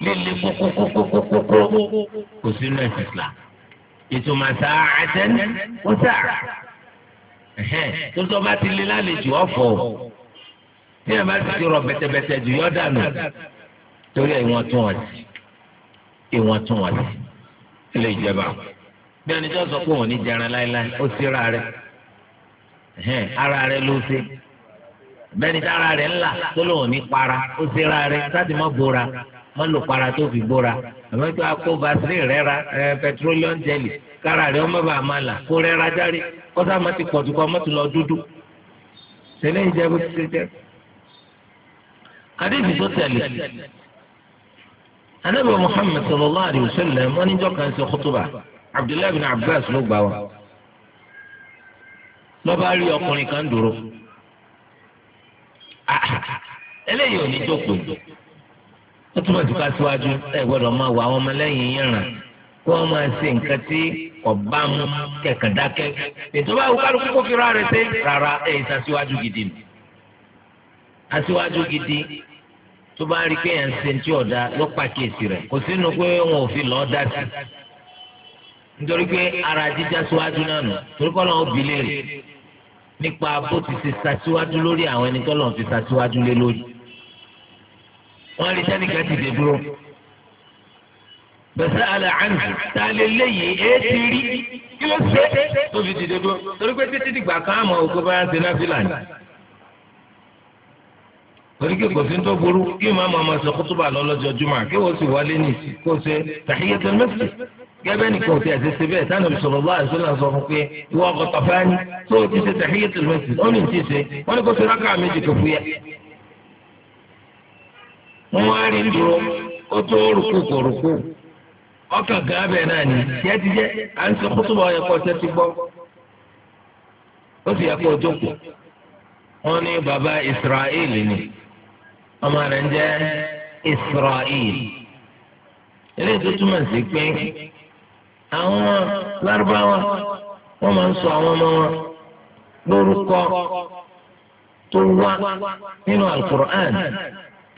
líle kókókókókókó kò sínú ẹ̀sìn Islam ìtumọ̀ sáà àtẹnẹ ó sáà tó tó bá ti lé lálejò ọ̀fọ̀ tí ẹ̀ bá ti ti rọ bẹ́tẹ̀bẹ́tẹ̀ jù yọ dànù torí ẹ̀ wọ́n tún ọ̀sì ìwọ̀n tún ọ̀sì ilé ìjọba bí ẹni tó sọ pé òun ní jẹran láéláé ó sí ra rẹ ara rẹ ló ṣe bẹ́ẹ̀ni tí ara rẹ ńlá tó lóun ní para ó sí ra rẹ sáà ti mọ́ bora má lò para tó fi bóra àmọ́ tó a kó vaseline rẹ ra ẹ petroleum jelly kára rẹ ọmọ bàá máa là kó rẹ ra járe kọ́sá má ti pọ̀ jù kọ́ má ti lọ dúdú tẹ́lẹ̀ ń jẹ́ bó ti ṣe jẹ́. àdéhùn tó tẹ̀lé anábì Muhammad sallallahu alayhi wa sallam wọn níjọ́ kan ṣe kútùbà Abdullahi bin Abbas ló gbà wá lọ́ba rí ọkùnrin kan dúró ah, eléyìí ò ní jókòó n'otu túmọ̀ ka asiwaju ẹ gbọdọ ma wà àwọn ọmọlẹ́yìn yín ràn kí wọ́n máa ṣe nǹkan tí ọba mu kẹ̀kẹ́ ètò báwo kálukú kó fi sí rárá gidi ni gidi tó bá rí kéèyàn ṣe ní tí ọ̀dà ló pàkíyèsí rẹ̀ kò sínú pé wọn ara jíjá siwaju náà nù torí kọ́ lọ́wọ́ nípa bó ti lórí àwọn ẹni wọ́n rí sẹ́nìkà ti dè dúró. bẹ̀sẹ̀ àlẹ́ àná tá a lè léyìí èé ti rí kí ló ṣe tó fi dìde dúró torí pé títí dìgbà kan àmọ́ òkú bá ń ṣe náà fìlà ní. torí kí kò sí tó burú kí màmá ọmọ sọ kó tó bá lọ lọ́jọ́ jùmọ̀ kí wọ́n sì wọlé ní kó ṣe tàhíyẹ́tẹ̀ mẹ́fì gẹ́gẹ́ nìkan ò ti àti ṣe bẹ́ẹ̀ sani bisalòlá àìsílẹ̀ sọ fún pé ìwọ ọkọ̀ tọ̀fẹ́ ni tó o ti ṣe tàhíyẹ́tẹ̀ mẹ́fì ó ní ti ṣe wọ́n ní kó ṣe rákà méjì kò fúyẹ́. wọn wá rí dúró ó tó rúkú kò rúkú náà ni tiẹ́ à ń sọ kótóbọ̀ ọ̀yẹ̀kọ́ ṣẹ́ ti ó sì yẹ kó baba Israel ni ọmọ maara ń jẹ́ Israel eléyìí tó túmọ̀ sí pé àwọn lárúbáwá wọ́n máa ń sọ àwọn ọmọ wọn lórúkọ tó wá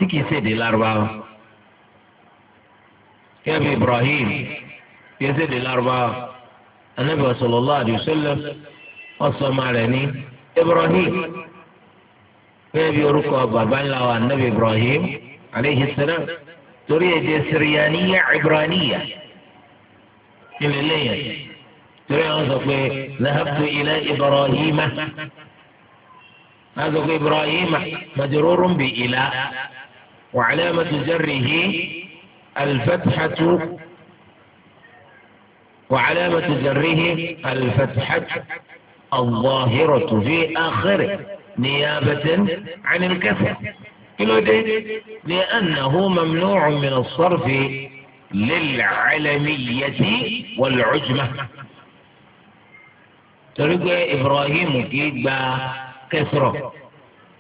tí kìí ṣèdè lárúbáwá kẹ́bí Ibrahim kìí ṣèdè lárúbáwá anabi sallallahu àdìsọ́lẹ̀ wasallam ọ̀sọ́mà rẹ̀ ní Ibrahim kẹ́bí orúkọ bàbá ńlá wa anabi Ibrahim aleyhi sẹ́lẹ̀ torí èdè siriyaniya ibraniya kílè lẹ́yìn torí àwọn sọ pé lahabtu ilẹ̀ Ibrahima wọ́n sọ pé Ibrahima majrurun bi ila. وعلامة جره الفتحة وعلامة جره الفتحة الظاهرة في آخره نيابة عن الكسر لأنه ممنوع من الصرف للعلمية والعجمة ترجع إبراهيم كيد كسره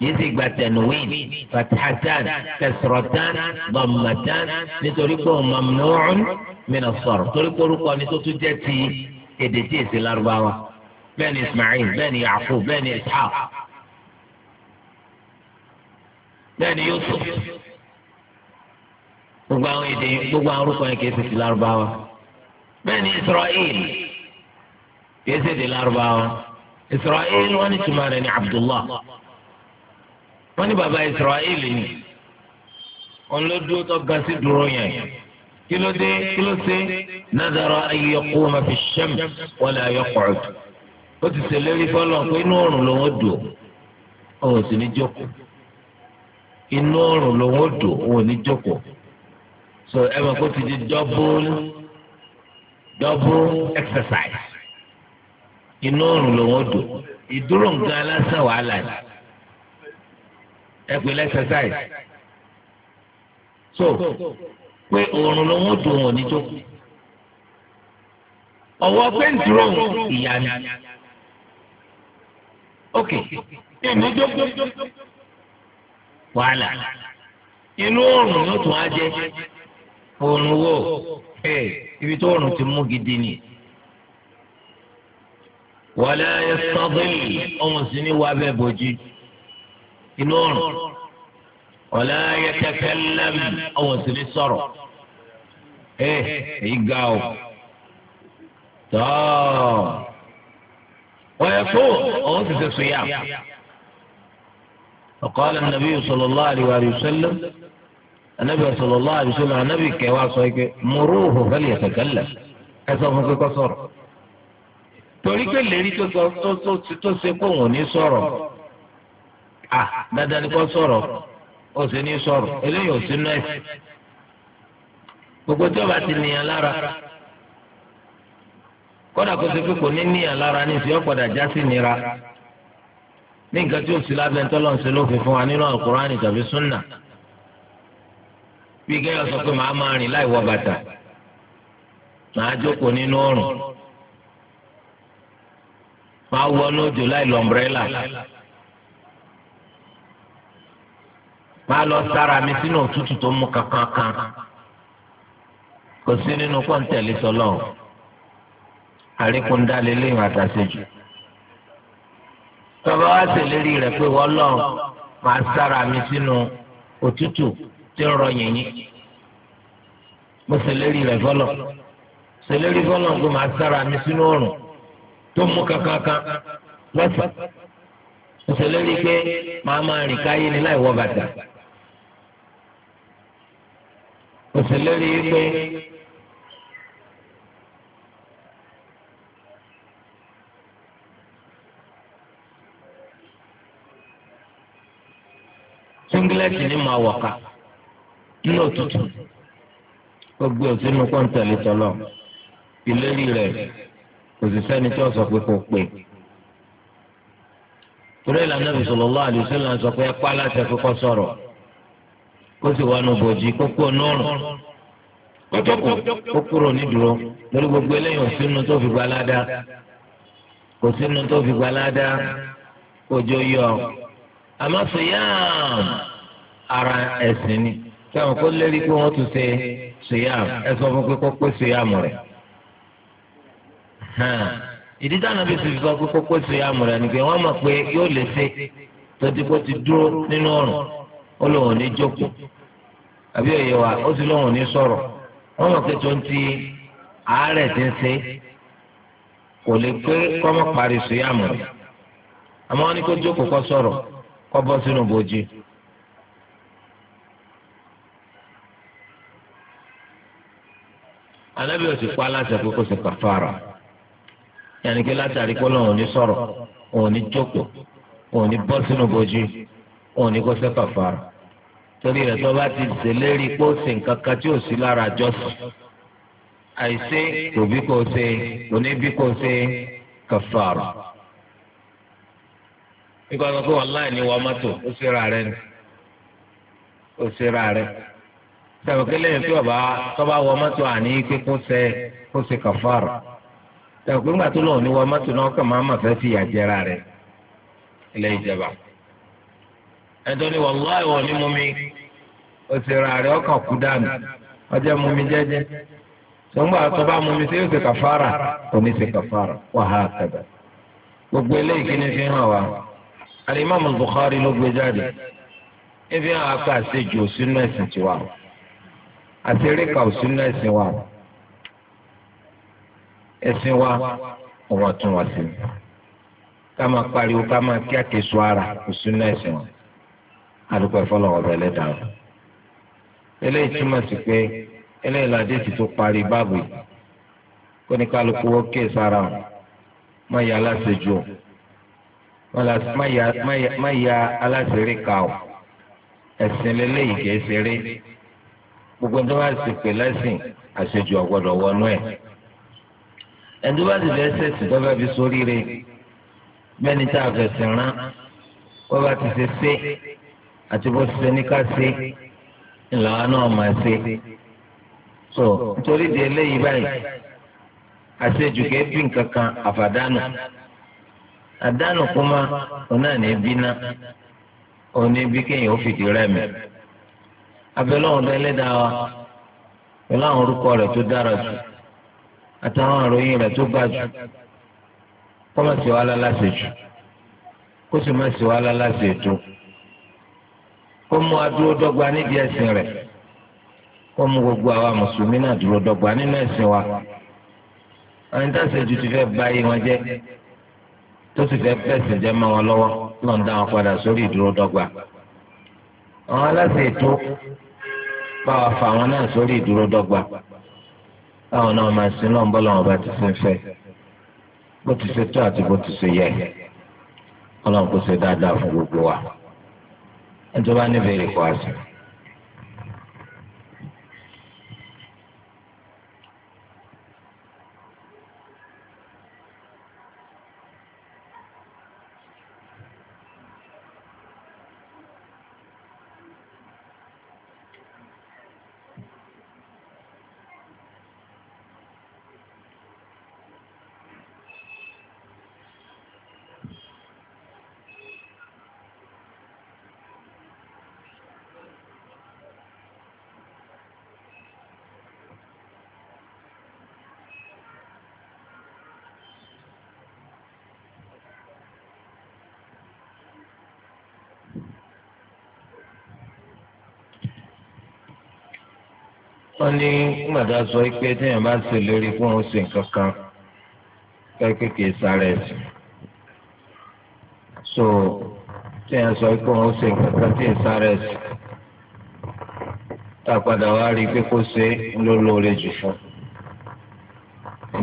yìí gba tẹnuwìn fatihatan kẹsìrọtan bọmọtan nítorí pé òun mamnuun mìíràn sọ̀rọ̀ torí pé orúkọ ni tó tún jẹ́ ti èdè tí èsì Lárúbáwá bẹ́ẹ̀ ni Ismail bẹ́ẹ̀ ni Yaqub bẹ́ẹ̀ ni Ishaq bẹ́ẹ̀ ni Yusuf gbogbo àwọn èdè gbogbo àwọn orúkọ yẹn kì í ṣe ti Lárúbáwá bẹ́ẹ̀ ni Israel kì í ṣe ti Lárúbáwá Israel wọ́n ní tuma rẹ̀ ni Abdullah. wọ́n ní bàbá Israẹli ni òun ló dúró tó ga sí dúró yẹn kí ló dé kí ló ṣe nadara an yaquma fi shams wala yaq'ud ó ti ṣèlérí fọlọ́ pé inú oòrùn lòun ó dùn ó sì ní jókòó inú oòrùn lòun ó dùn ó ní jókòó so ẹ mọ̀ kó ti di double double exercise inú oòrùn lòun ó dùn ìdúró nǹkan aláṣà wàhálà yìí ẹ pè so pé òòrùn ló ń dùn òní tó ọwọ́ pẹ́ǹtìrò ìyá ni ok ìní jókòó wàhálà inú òòrùn ló tún á jẹ òòrùn wò ibi tó òòrùn ti mú gidi ni wàlẹ́ ẹ̀ sọ́gbìn ọ̀hún sí ni wàá bẹ́ẹ̀ bójú. نور ولا يتكلم او سلسر ايه يقاو تا طيب. ويصوم او الصيام فقال النبي صلى الله عليه وسلم النبي صلى الله عليه وسلم النبي كواصيك مروه فليتكلم كسر في قصر تريك الذي تصوم تصوم تصوم تصوم Ah, dandan ni kò sọ̀rọ̀ ó sì ní sọ̀rọ̀ eléyìí ò sí náà ẹ̀sìn gbogbo tí ọba ti nìyàn lára kódà kó ṣe kò ní nìyàn lára ní ìfìyà padà já sí nira ní nǹkan tí ó sì lábẹ́ ńtọ́lọ́ ń ṣe ló fi fún wa nínú àkùránì tàbí súnà bí gẹ́yọ̀ sọ pé màá máa rìn láì wọ bàtà màá jókòó nínú ọrùn màá wọ ní òjò láì lọ ọmbrẹ́là. máa lọ sára mi sínú òtútù tó mú kankankan kò sí nínú kọ́ńtẹ̀lì sọlọ́ àríkúndá lélẹ́yìn àtàṣejù tọ́ba wá ṣèlérí rẹ̀ pé wọ́n lọ máa sára mi sínú òtútù tí ń rọ yìnyín mo ṣèlérí rẹ̀ fọlọ́ ṣèlérí fọlọ́ pé máa sára mi sínú òrùn tó mú kankankan lọ́sàn-án mo ṣèlérí pé màá máa rìn káyé ni láì wọ bàtà òṣèlérí pé singilẹ́tì ni màá wọ̀ka nínú òtútù gbogbo òsínú kọ́ńtẹ̀lì tọ́lọ̀ ìlérí rẹ̀ òṣìṣẹ́ ni tí wọ́n sọ pé kò pé torí ìlànà Ànábì sallallahu alaihi wasallam sọ pé ẹ pa aláṣẹ pé sọ̀rọ̀ kó sì wọnú bòjì kó kú ọ̀nọ́rùn kótókò kó kúrò nídùúró lórí gbogbo eléyìí òsínú tó fi gba ládàá kò sínú tó fi gba ládàá òjò yọ àmọ́ sèyáàm ara ẹ̀sìn ni sẹ́wọ̀n kó lérí pé wọ́n tún ṣe sèyáàm ẹ fún pé kó pé sèyáàm ìdí táwọn bí sèyí sọ pé kó pé sèyáàm rẹ̀ ni pé wọ́n mọ̀ pé yóò lè ṣe tó ti kó ti dúró nínú ọ̀rùn ó lóun ò ní jókòó àbí òye wa ó sì lóun ò ní sọ̀rọ̀ wọ́n mọ̀ pé tó ń ti àárẹ̀ ti ń ṣe kò lè pé kọ́mọ parí sùyàmù àmọ́ wọ́n ní kó jókòó kó sọ̀rọ̀ kó bọ́ sínú bòjì. alábì ò sì pa aláṣẹ pé kò sì kàfàrà yàní kí látàrí pé lọ́wọ́ ní sọ̀rọ̀ òun ní jókòó òun ní bọ́ sínú bòjì òun ní kó sì kàfàrà torí rẹ̀ tó bá ti ṣèlérí pé ó sì nǹkan kan tí ò sí lára jọ́sìn àìsí kò bí kò ṣe kò ní bí kò ṣe kàfàrà. nígbà tó kó wàláì ní wa mọ́tò ó ṣe ra rẹ ni ó ṣe ra rẹ sọ̀rọ̀ kí lẹ́yìn tí ọba tó bá wọ mọ́tò àní pé kó ṣe kó ṣe kàfàrà. sọ̀rọ̀ pé ńgbà tó lọ́wọ́ ní wa mọ́tò náà kàn máa mà fẹ́ fi yà jẹ́ra rẹ ilé ìjẹba ẹ̀dọ́ ni wàláì wọ̀ ní mumi òsèrè àrẹ ọkàn kú dànù ọjọ́ mumi jẹ́jẹ́ sọ́ngbà tó bá mumi sí òsè kàfàrà kò ní sí kàfàrà wà á kàdà. gbogbo eléyìí kí ni fi hàn wá alimami Bukhari ló gbé jáde efi hàn aka àṣejù òsínú ẹ̀sìn tiwa àṣeríkà òsínú ẹ̀sìn wa ẹ̀sìn wa ọ̀rọ̀ tún wá sí i ká máa pariwo ká máa kí àkẹ́sọ ara òsínú ẹ̀sìn wa adúpọ̀ ìfọlọ́wọ́ bẹ́ẹ̀ lẹ́dà o. eléyìí túmọ̀ sí pé eléyìí ládé ti tó parí báàbò yìí kó ní kálukú wọ́n ké sára o má ya aláṣejù o má ya aláṣeré ka o ẹ̀sìn lélẹ́yìí kìí ṣeré gbogbo tó bá sì pè lẹ́sìn àṣejù ọ̀gbọ́dọ̀ wọnú ẹ̀ ẹ̀dùn bá sì fẹ́ sẹ̀sì tó bá sóríire bẹ́ẹ̀ ni tá a fẹ̀sìn rán wọ́n bá ti ṣe ṣe àti bó ṣe ní ká ṣe ìlànà náà máa ṣe so nítorí di eléyìí báyìí àṣejù kìí bí nǹkan kan àfàdánù àdánù kúmá ọ̀nà ní bínà òní bí kéèyàn ó fìdí rẹmi abẹ́lẹ́ ọ̀dọ́ ẹlẹ́dàá wa pẹ̀lú àwọn orúkọ rẹ̀ tó dára jù àtàwọn àròyìn rẹ̀ tó ga jù kó má sì wá lálásè kó sì má sì wá lálásè kó mú adúró dọ́gba níbi ẹ̀sìn rẹ̀ kó mú gbogbo àwa mùsùlùmí náà dúró dọ́gba nínú ẹ̀sìn wa àwọn ìtàsẹ̀ ju ti fẹ́ ba wọn jẹ́ tó sì fẹ́ pẹ̀sìn jẹ́ mọ́ wọn lọ́wọ́ náà ń dá wọn padà sórí ìdúró dọ́gba àwọn aláṣẹ ètò bá náà sórí ìdúró dọ́gba báwọn náà máa sin làwọn bá ti sin fẹ́ bó ti ṣe tó àti bó ti ṣe yẹ ọlọ́run ẹjọba níbẹ̀rẹ̀ kọ́ àṣà. wọ́n ní gbàdá sọ pé téèyàn bá ṣe lórí fún òun ṣe nǹkan kan kékeré sára ẹ̀sìn so téèyàn sọ pé òun ṣe nǹkan kan tí ì sára ẹ̀sìn tá a padà wá rí i pé kó ṣe ló lóore jù fún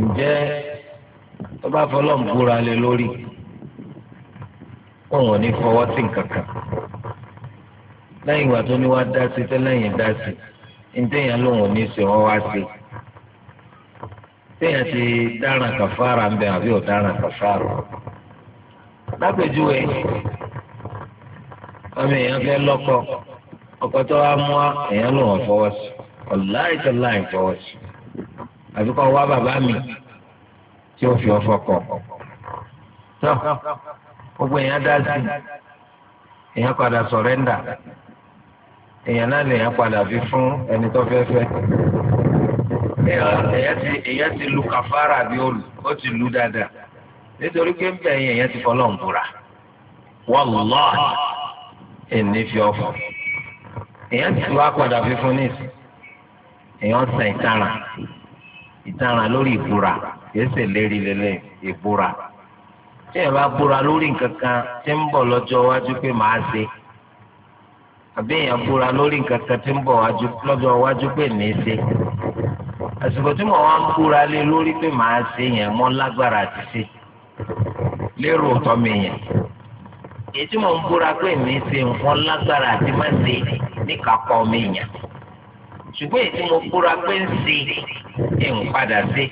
ǹjẹ́ tó bá fọlọ́ ń búra lé lórí òun ò ní fọwọ́ sí nǹkan lẹ́yìn ìgbà tó ní wá dá sí tẹ́lẹ̀yìn dá sí i. ntẹ̀yàn lòun ní ṣe wọ́n wá sí tẹ̀yàn ti dáràn kàfàrà ń bẹ àbí ò dáràn kàfàrà lápèjúwe ọmọ èèyàn fẹ́ lọ́kọ ọkọ tó wá mú èèyàn lòun fọwọ́ sí ọ̀láìtọ́ láì fọwọ́ sí àbí kọ́ wá bàbá mi tí ó fi ọfọ kọ tó gbogbo èèyàn dá sí èèyàn padà sọ̀rẹ́ndà. èèyàn náà lèèyàn padà fi fún ẹni tó fẹ́ fẹ́ èèyàn ti lu kàfàrà bí ó ti lu dáadáa nítorí pé ń bẹ̀ èèyàn ti fọlọ́ ń ẹni fi ọ̀fọ̀ èèyàn ti wá padà fi fún níìsì èèyàn san ìtara ìtara lórí ìbúra lérí lélẹ̀ ìbúra tí èèyàn bá búra lórí nǹkan kan tí ń bọ̀ lọ́jọ́ pé àbí èèyàn búra lórí nǹkan kan tí ń bọ̀ lọ́jọ́ iwájú pé ní í ṣe àsìkò tí mo wá ń búra lé lórí pé màá ṣe yẹn mọ́ lágbára àti ṣe lérò tọ́mi yẹn èyí tí mo ń búra pé ní í ṣe nǹkan lágbára àti má ṣe níkàkọ́ mi yẹn ṣùgbọ́n èyí tí mo búra pé ń ṣe ẹ̀ ń padà ṣe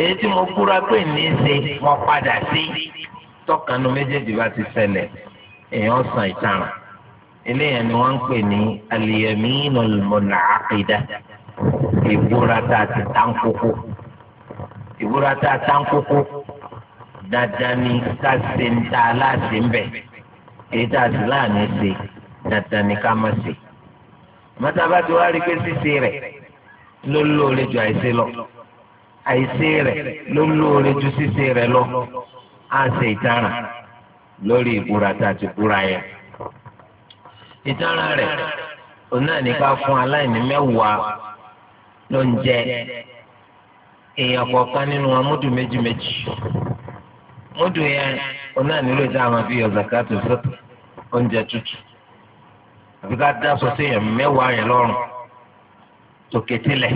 èyí tí mo pé ní í ṣe padà ṣe tọkànnú méjèèjì bá ti ṣẹlẹ̀ sàn eléyàn ni wọ́n ń pè ní al-yaminul mun'aqida ìbúra tá a ti tán kókó ìbúra tá a tán kókó dandan ni ká ṣe ń ta aláàṣẹ ń bẹ èyí tá a sì láàánú ṣe dandan ni ká má ṣe mọ́tàbá ti wá rí pé ṣíṣe rẹ̀ ló lóore ju àìṣe lọ àìṣe rẹ̀ ló lóore ju ṣíṣe rẹ̀ lọ á ṣe ìtaràn lórí ìbúra tá a ti búra yẹn ìtara rẹ̀ òun náà ní ká fún aláìní mẹ́wàá ló ń jẹ èèyàn kọ̀ọ̀kan nínú wọn múdù méjì méjì múdù yẹn òun náà nílò ìta àwọn bíi ọ̀zàkàtò sọ́tò oúnjẹ tútù àbí ká dá sọ sí èèyàn mẹ́wàá yẹn lọ́rùn tòkè tilẹ̀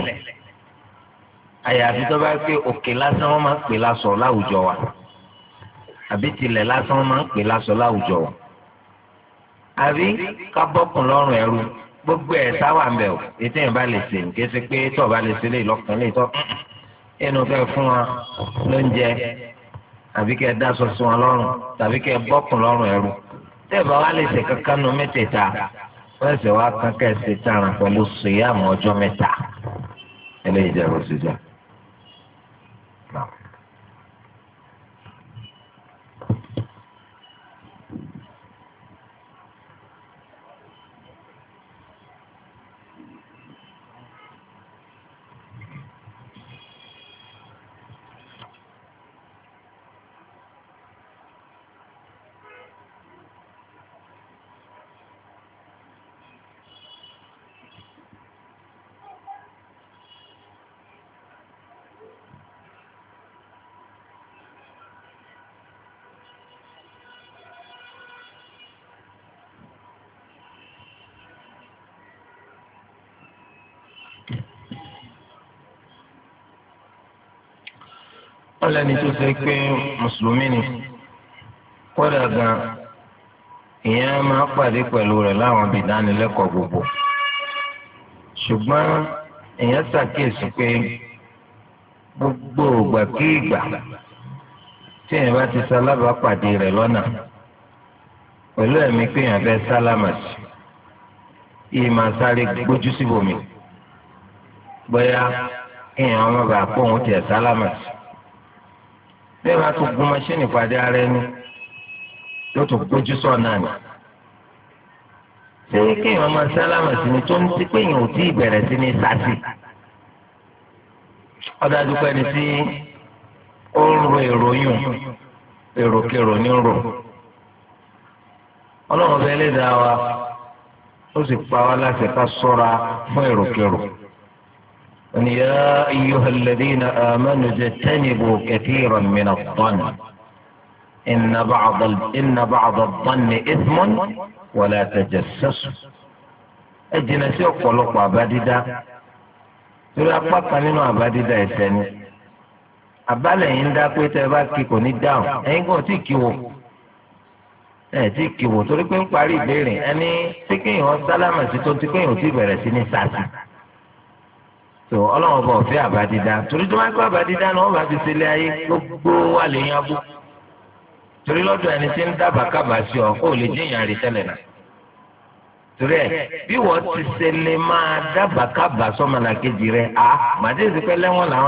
àyàfi tó bá pé òkè lásán wọn máa ń pè lásán láwùjọ wa àbí tilẹ̀ lásán wọn máa ń pè lásán láwùjọ wa àbí ká bọ́kùn lọ́rùn ẹrú gbogbo ẹ̀ sáwà ń bẹ̀ o ètò yẹn bá lè ṣe nké sí pé tó bá lè ṣe lè lọ́kàn lè tọ́ ẹnu kẹ́ fún wa lóúnjẹ àbí kẹ́ dáṣọ sí wọn lọ́rùn tàbí kẹ́ bọ́kùn lọ́rùn ẹrú tẹ́ bá wá lè ṣe kankan nu mẹ́tẹ̀ẹ̀ta wọ́n ṣe wá kankan ṣe tààràn pẹ̀lú sùyàmù ọjọ́ mẹ́ta ẹlẹ́yìí jẹ́ rọ̀ wọ́n lẹ́ni tó ṣe pé mùsùlùmí ni kódà gan ìyẹn máa pàdé pẹ̀lú rẹ̀ láwọn ibi ìdánilẹ́kọ̀ọ́ gbogbo ṣùgbọ́n ìyẹn ṣàkíyèsí pé gbogbo ògbà kí ìgbà tí èèyàn bá ti ṣalábàápàdé rẹ̀ lọ́nà pẹ̀lú ẹ̀mí pé èèyàn fẹ́ sálámà sí i máa sáré gbójú síbòmí. Si bóyá èèyàn ọmọ bàá pọ̀ òun tiẹ̀ sálámà sí bẹ́ẹ̀ bá tún gun mọ́ṣíìnì pàdé ara ẹni yóò tún gbójú sọ náà nì. ṣé kéèyàn máa sálámà sí ni tó ń ti pé èèyàn ò tí ì bẹ̀rẹ̀ sí ní sásì. tí ó ń ro èrò yùn èròkèrò ní rò. يا أيها الذين آمنوا اجتنبوا كثيرا من الظن إن بعض ال... إن بعض الظن إثم ولا تجسسوا أجنا سوق ولق عباددا ترى أبقى لنا عباددا يسني أبالا يندا كويت أباكي كوني داون أين كون تيكيو ẹ ti kìwò torí pé ń parí ìbéèrè ẹni tí kéèyàn sálámà sí so ọlọ́wọ́n bọ̀ fẹ́ àbádídá torí tó máa ń àbádídá ni wọ́n fi sílé ayé gbogbo wà abú torí lọ́dọ̀ ẹni tí ń dábàá sí ọ kó lè rí tẹ́lẹ̀ náà torí ẹ bí wọ́n ti ṣe lè máa dábàá kejì rẹ làwọn náà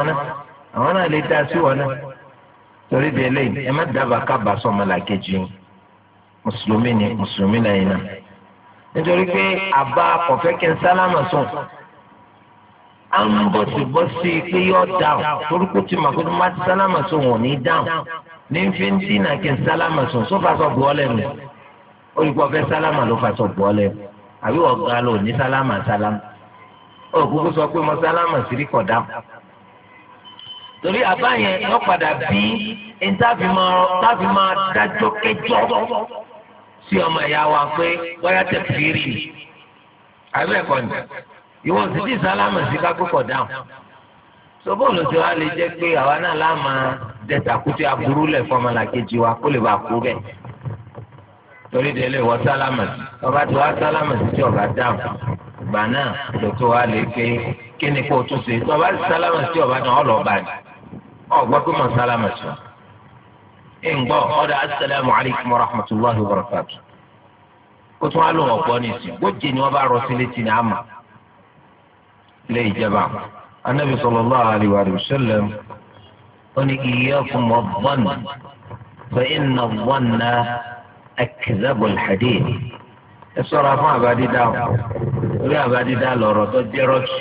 àwọn náà lè dá sí wọn náà torí di eléyìí ẹ má dábàá kejì mùsùlùmí ni mùsùlùmí náà yìí náà nítorí pé àbá kọ̀fẹ́ kí n sálámà à ń bọ̀sibọ́sí pé yọ dáhùn torúkú tí màá kó má sálámà sọ wọn ní dáhùn ní fi ń dínà kí n sálámà sọ sófà sọ bọ́ lẹ́nu olùkọ́ fẹ́ sálámà ló fà sọ bọ́ lẹ́nu àbí ọ̀gá lò ní sálámà sálámà òkúkú sọ pé mo sálámà sírí kọ̀ dáhùn torí àbá yẹn yọ padà bí ntàfi máa dájọ́ kẹjọ́ sí ọmọ ìyá wa pé wáyà tẹ̀ fìrì àbẹ́ẹ̀kọ́ ni ìwọ̀n sì ti sálámà sí kákókò dáhùn. sọ́bọ̀n ló ti wá lè jẹ́ pé àwa náà láàmà dẹ̀tàkútì aburú lẹ̀ fọmọlàkejì wa kó lè bá kú bẹ́ẹ̀. torí délé wọ sálámà sí ọba tí wàá sálámà sí tí ọba dáhùn gbà náà ló tó wá lè pé kí ni kó o tún ṣe tọ́ba sálámà sí ọba náà ọlọ́ọ̀bá ni ọ̀gbọ́n pé mọ̀ sálámà sí ọ. ìǹgbọ́ ọ̀dà assalamu alaykum wa rahmatullahi wa barakatuh. ó tún wá lóun ọ̀gbọ́n ní ni wọ́n ilé ìjẹba anabi sallallahu alaihi wa sallam wọn ni iyyakum wadh-dhann fa inna adh-dhanna akdhabu al-hadith ẹ ṣọ́ra fún àbádídá orí àbádídá lọ̀rọ̀ tó jẹ́rọ̀jù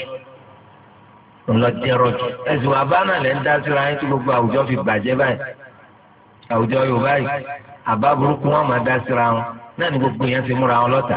ńlọjẹrọjù ẹsùn àbánà lẹ ń dá síra yín tí gbogbo àwùjọ fi bàjẹ́ báyìí àwùjọ Yorùbá yìí àbá burúkú wọn máa dá síra wọn náà ni gbogbo yẹn ti múra wọn lọ́tà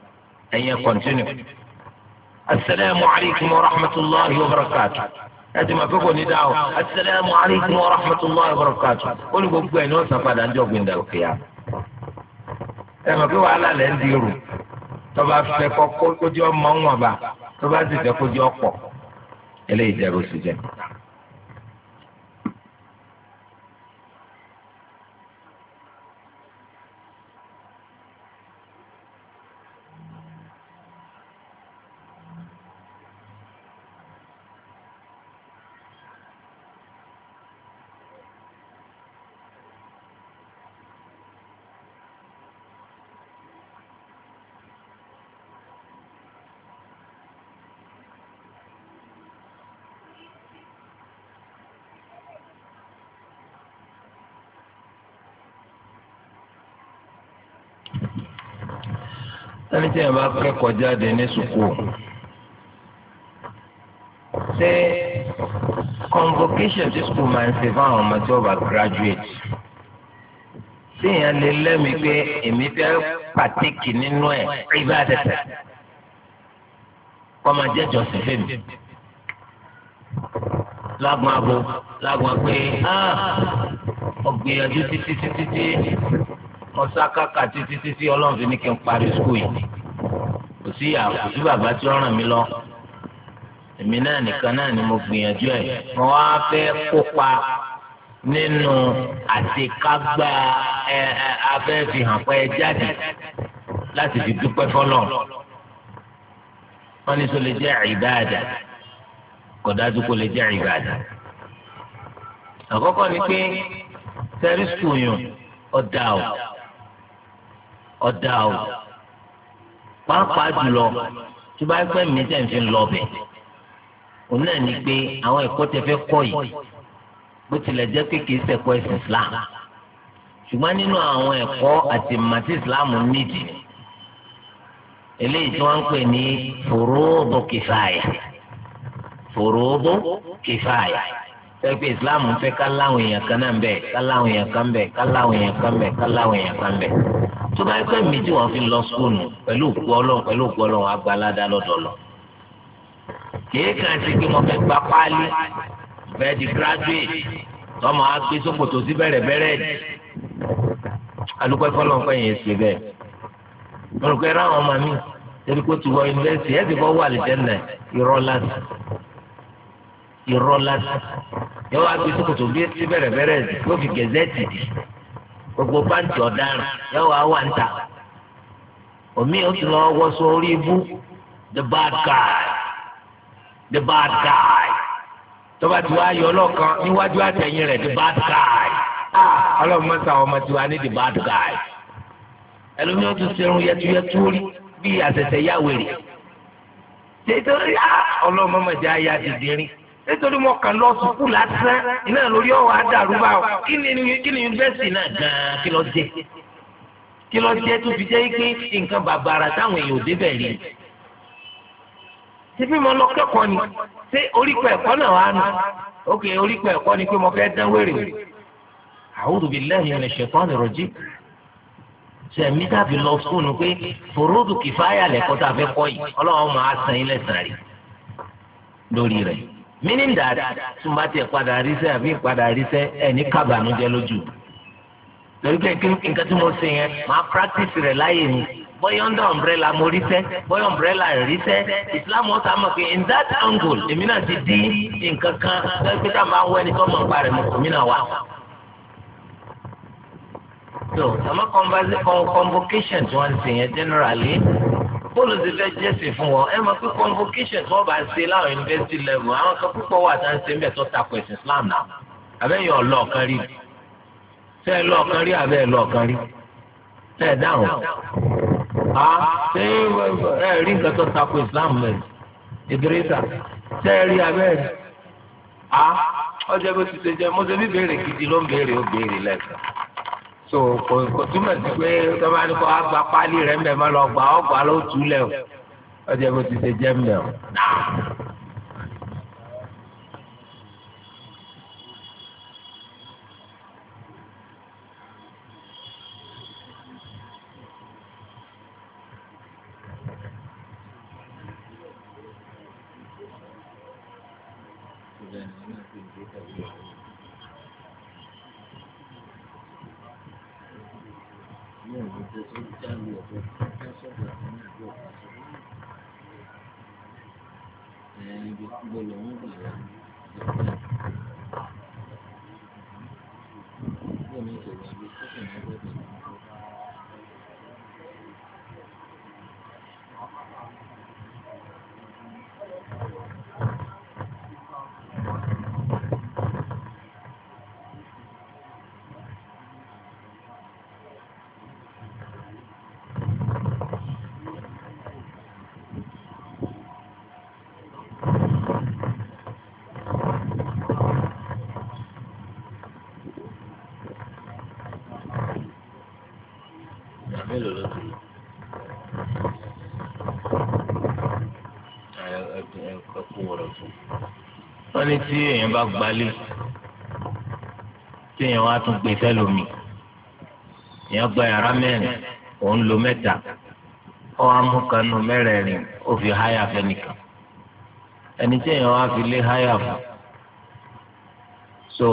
ẹ̀yin kọ́ntínú. asalaamu alaykum wa rahmatulahi wa barakatu. ẹ ti ma fẹ́ kò ní dá o asalaamu alaykum wa rahmatulahi wa barakatu. ó ní gbogbo ẹ̀ ní wọ́n san padà ń jọ gbìndà òkè ya. ẹ ma fẹ́ wàhálà lẹ́ ń dirò tọ́ba fẹ́ kọ́ kójú ọmọ ń wọ̀n ba tọ́ba sì fẹ́ kójú ọ̀pọ̀ eléyìí dẹ́rù sí jẹ́. wọ́n ní tí yẹn bá kẹ́kọ̀ọ́ jáde ní sukùl ṣé convocation tí sukùl máa ń ṣe fáwọn ọmọ tí wọ́n bá graduate ṣé èèyàn lè lẹ́mìí pé èmi fẹ́ pàtẹ́kì nínú ẹ̀ ibà tẹ̀tẹ̀ kọ́ máa jẹ́ jọ̀sìn fèmí lágbọn abo lágbọn pé ọgbìyànjú ah, títí títí tí ọsákàkà títí títí ọlọ́run fi ní kí n parí skul yìí kò sí kò sí bàbá tí ó ràn mí lọ èmi náà nìkan náà ni mo gbìyànjú ẹ̀ mo wá fẹ́ kópa nínú àṣekágbá ẹ ẹ afẹ́fihàn pé ẹ jáde láti fi dúpẹ́ fọlọ́ wọ́n ní sọ lè jẹ́ ìbáàdà kò dájú kó lè jẹ́ ìbáàdà àkọ́kọ́ ni pé tẹ́rí sùn yàn ọ̀dà ọ̀ ọ̀dà pàápàá jùlọ tí bá pẹ́ mi tẹ̀ ń fi lọ bẹ̀ òun náà ni pé àwọn ẹ̀kọ́ tẹ fẹ́ kọ́ yìí bó tilẹ̀ jẹ́ pé kìí ṣẹ̀kọ́ ẹ̀sìn Islam ṣùgbọ́n nínú àwọn ẹ̀kọ́ àti màtí Islam nídìí eléyìí tí wọ́n ń pè ní fòròbó kìfàyà fòròbó kìfàyà sẹ́pẹ́ Islam fẹ́ ká láwọn èèyàn kan náà ń bẹ̀ ká láwọn èèyàn kan bẹ̀ ká láwọn kan bẹ̀ ká láwọn kan bẹ̀ tó bá yẹ kó ẹ̀mí tí wọ́n fi lọ sukùlù pẹ̀lú òkú ọlọ́run pẹ̀lú òkú ọlọ́run agbálada lọ́dọọlọ. kìí kàn sí pé wọ́n fẹ́ gba páálí fẹ́ di graduate tọ́mọ agbé sókòtò sí bẹ̀rẹ̀bẹ̀rẹ̀ dì. alùpùpù ẹ̀fọ́lọ́ ń pẹ̀yìn èsì bẹ́ẹ̀. mo rò pé ẹ ráwọn ọmọ mi torí pé ó ti wọ yunifásitì ẹ̀ sì fọ́ wà lìjẹ́nà irọ́ láti irọ́ láti yọ wá gbé sókòtò sí bẹ̀rẹ̀bẹ̀rẹ̀ dì yóò fi gẹ̀zẹ́tì dì gbogbo pàǹtí ọ̀daràn yóò wá wà níta omi ò tún lọ wọṣọ orí ibú the bad guy the bad guy tọ́ba tí wàá yọ ọlọ́kan níwájú àtẹ̀yìn rẹ̀ the bad guy ah, ọlọ́run mọ́ sàwọn ọmọ tí wàá ní the bad guy ẹlòmí ó tún ṣerun yẹtúyẹtú rí bí àṣẹ̀ṣẹ̀ yáwèrè ṣètò ah, ọlọ́run mọ́ mọ́ jẹ́ àyà dìdín rí nítorí mo kàn lọ sùkúù lásán iná lórí ọwọ́ àdàrúbà o kí ni kí ni yunifásitì náà gan-an kí lọ jẹ kí lọ jẹ tó fi jẹ́ pé nǹkan bàbàrà táwọn èèyàn ò débẹ̀ rí ṣé bí mo lọ kẹ́kọ̀ọ́ ni ṣé orípa ẹ̀kọ́ náà wà nù ókè orípa ẹ̀kọ́ ni pé mo fẹ́ dán wèrè o a'udhu billahi minash shaitani rajim sẹ̀mí tàbí lọ sùkúù pé fòròdù kìfáyà lẹ́kọ́ tàbí kọ́ yìí ọlọ́run máa sàn ilẹ̀ sàn rí lórí rẹ̀ meaning that tún bá tiẹ̀ padà ríṣẹ́ àbí ìpadà ríṣẹ́ ẹ̀ ní kábàánújẹ́ lójú lórí pé nǹkan tí mo ṣe yẹn máa practice rẹ̀ láyè ni bọ́yọ̀ ń dá ọ̀mbrẹ́là mo ríṣẹ́ bọ́yọ̀ ọ̀mbrẹ́là ríṣẹ́ Islam ọ̀sán mọ̀ pé in that angle èmi náà ti di nǹkan kan lórí pé táwọn máa ń wọ ẹni tó mọ̀ nípa rẹ̀ mo kò mí náà wà. so àmọ́ convocation tí wọ́n ń ṣe yẹn generally bóòlù ti fẹ́ jẹ́sìn fún wọn ẹ mọ̀ pé convocation tí wọ́n bá ṣe láwọn university level àwọn kan púpọ̀ wà tá à ń ṣe tó takò ẹ̀sìn Islam náà àbẹ́yìn ọlọ́ọ̀kan rí ṣe é lọ́ọ̀kan rí àbẹ́ ẹlọ́ọ̀kan rí ṣe é dáhùn á ṣe é rí nǹkan tó takò Islam mẹ́ ìdírísà ṣe é rí àbẹ́ ẹ̀ á ọjọ́ bó ti ṣe jẹ́ so kò kò túmọ̀ sí pé tọ́ba ní kó agba páálí rẹ̀ ń bẹ̀ mọ́ lọ gbà ọ́ gbà ló tù lẹ̀ o ọjọ́ bó ti ṣe jẹ́ ń o. wọ́n ní tí èèyàn bá gbalé tí èèyàn wá tún gbé sẹ́lómi èèyàn gba yàrá mẹ́rin òun lo mẹ́ta ó wá mú kanú mẹ́rẹ̀ẹ̀rin ó fi háyà fẹ́nìkan ẹni tí èèyàn wá fi lé háyà fún so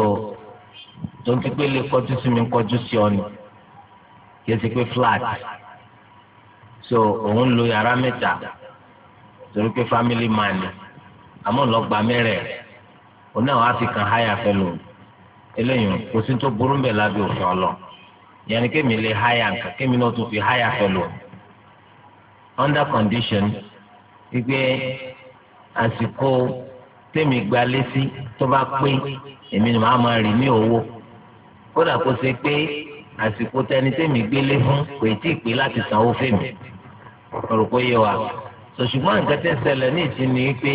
tó ń ti pé lè kọjú sí mi kọjú sí ọ ni kì í ti pé flat so òun lo yàrá mẹ́ta torí pé family man ni àmọ́ ń lọ mẹ́rẹ̀ẹ̀rin òun náà wàá fi kàn háyà fẹ́ lò eléyìí kò sí tó burú bẹ̀ lábẹ́ òfin ọlọ yẹn ni kémi lè háyà nǹkan kémi náà tún fi háyà fẹ́ lò under condition wípé àsìkò tèmi gba lésì tó bá pé èmi ni màá máa rì ní owó kódà kó ṣe pé àsìkò tẹni tèmi gbélé fún kò tí ì pé láti sanwó fèmí ọ̀rọ̀ kó wa sòṣùgbọ́n nǹkan tẹ́ ní ìsinmi pé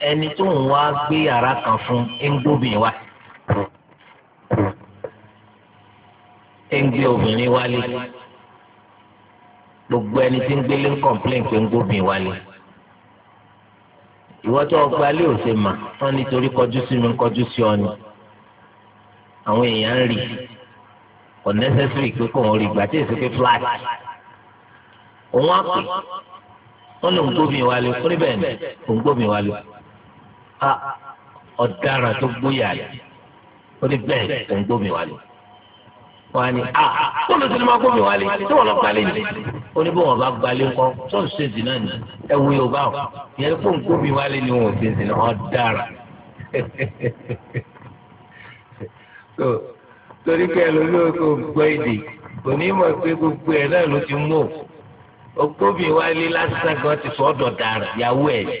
ẹni tó ń wá gbé yàrá kan fún ńgbóbìnrin wa ńgbé obìnrin wálé gbogbo ẹni tí ń gbélé ń kọ̀m̀plẹ̀ǹ pé ńgbóbìnrin wálé ìwọ́tọ̀ ọgbàlè ò ṣe mà wọ́n nítorí kọjú sí mi kọjú sí ọ ni àwọn èèyàn ń rí kò nẹ́sẹ̀sìrì pé kò ń rí ìgbà tí èsì pé flat òun á pè wọ́n lòun gbóbìnrin wálé fúnibẹ̀ ni òun gbóbìnrin wálé a ọ̀daràn tó gbóyà rẹ̀ ó ní bẹ́ẹ̀ tó ń gbómi wálé wọ́n á ní a kó ló ti ní máa gbómi wálé tí wọ́n lọ gbalé ní ó ní bí wọ́n bá gbalé ńkọ́ tó ń ṣe ìdìnnà ni ẹ wo yorùbá o ìyẹn kó gbómi wálé ni wọn ò ṣe ìdìnnà ọ̀daràn torí pé ẹlòmíràn kò gbọ́ èdè kò ní pé gbogbo ẹ̀ náà ló ti mú o ògbómi wálé lásán gan ti sọ ọ́dọ̀ dàrẹ̀ ìyàwó ẹ̀ yìí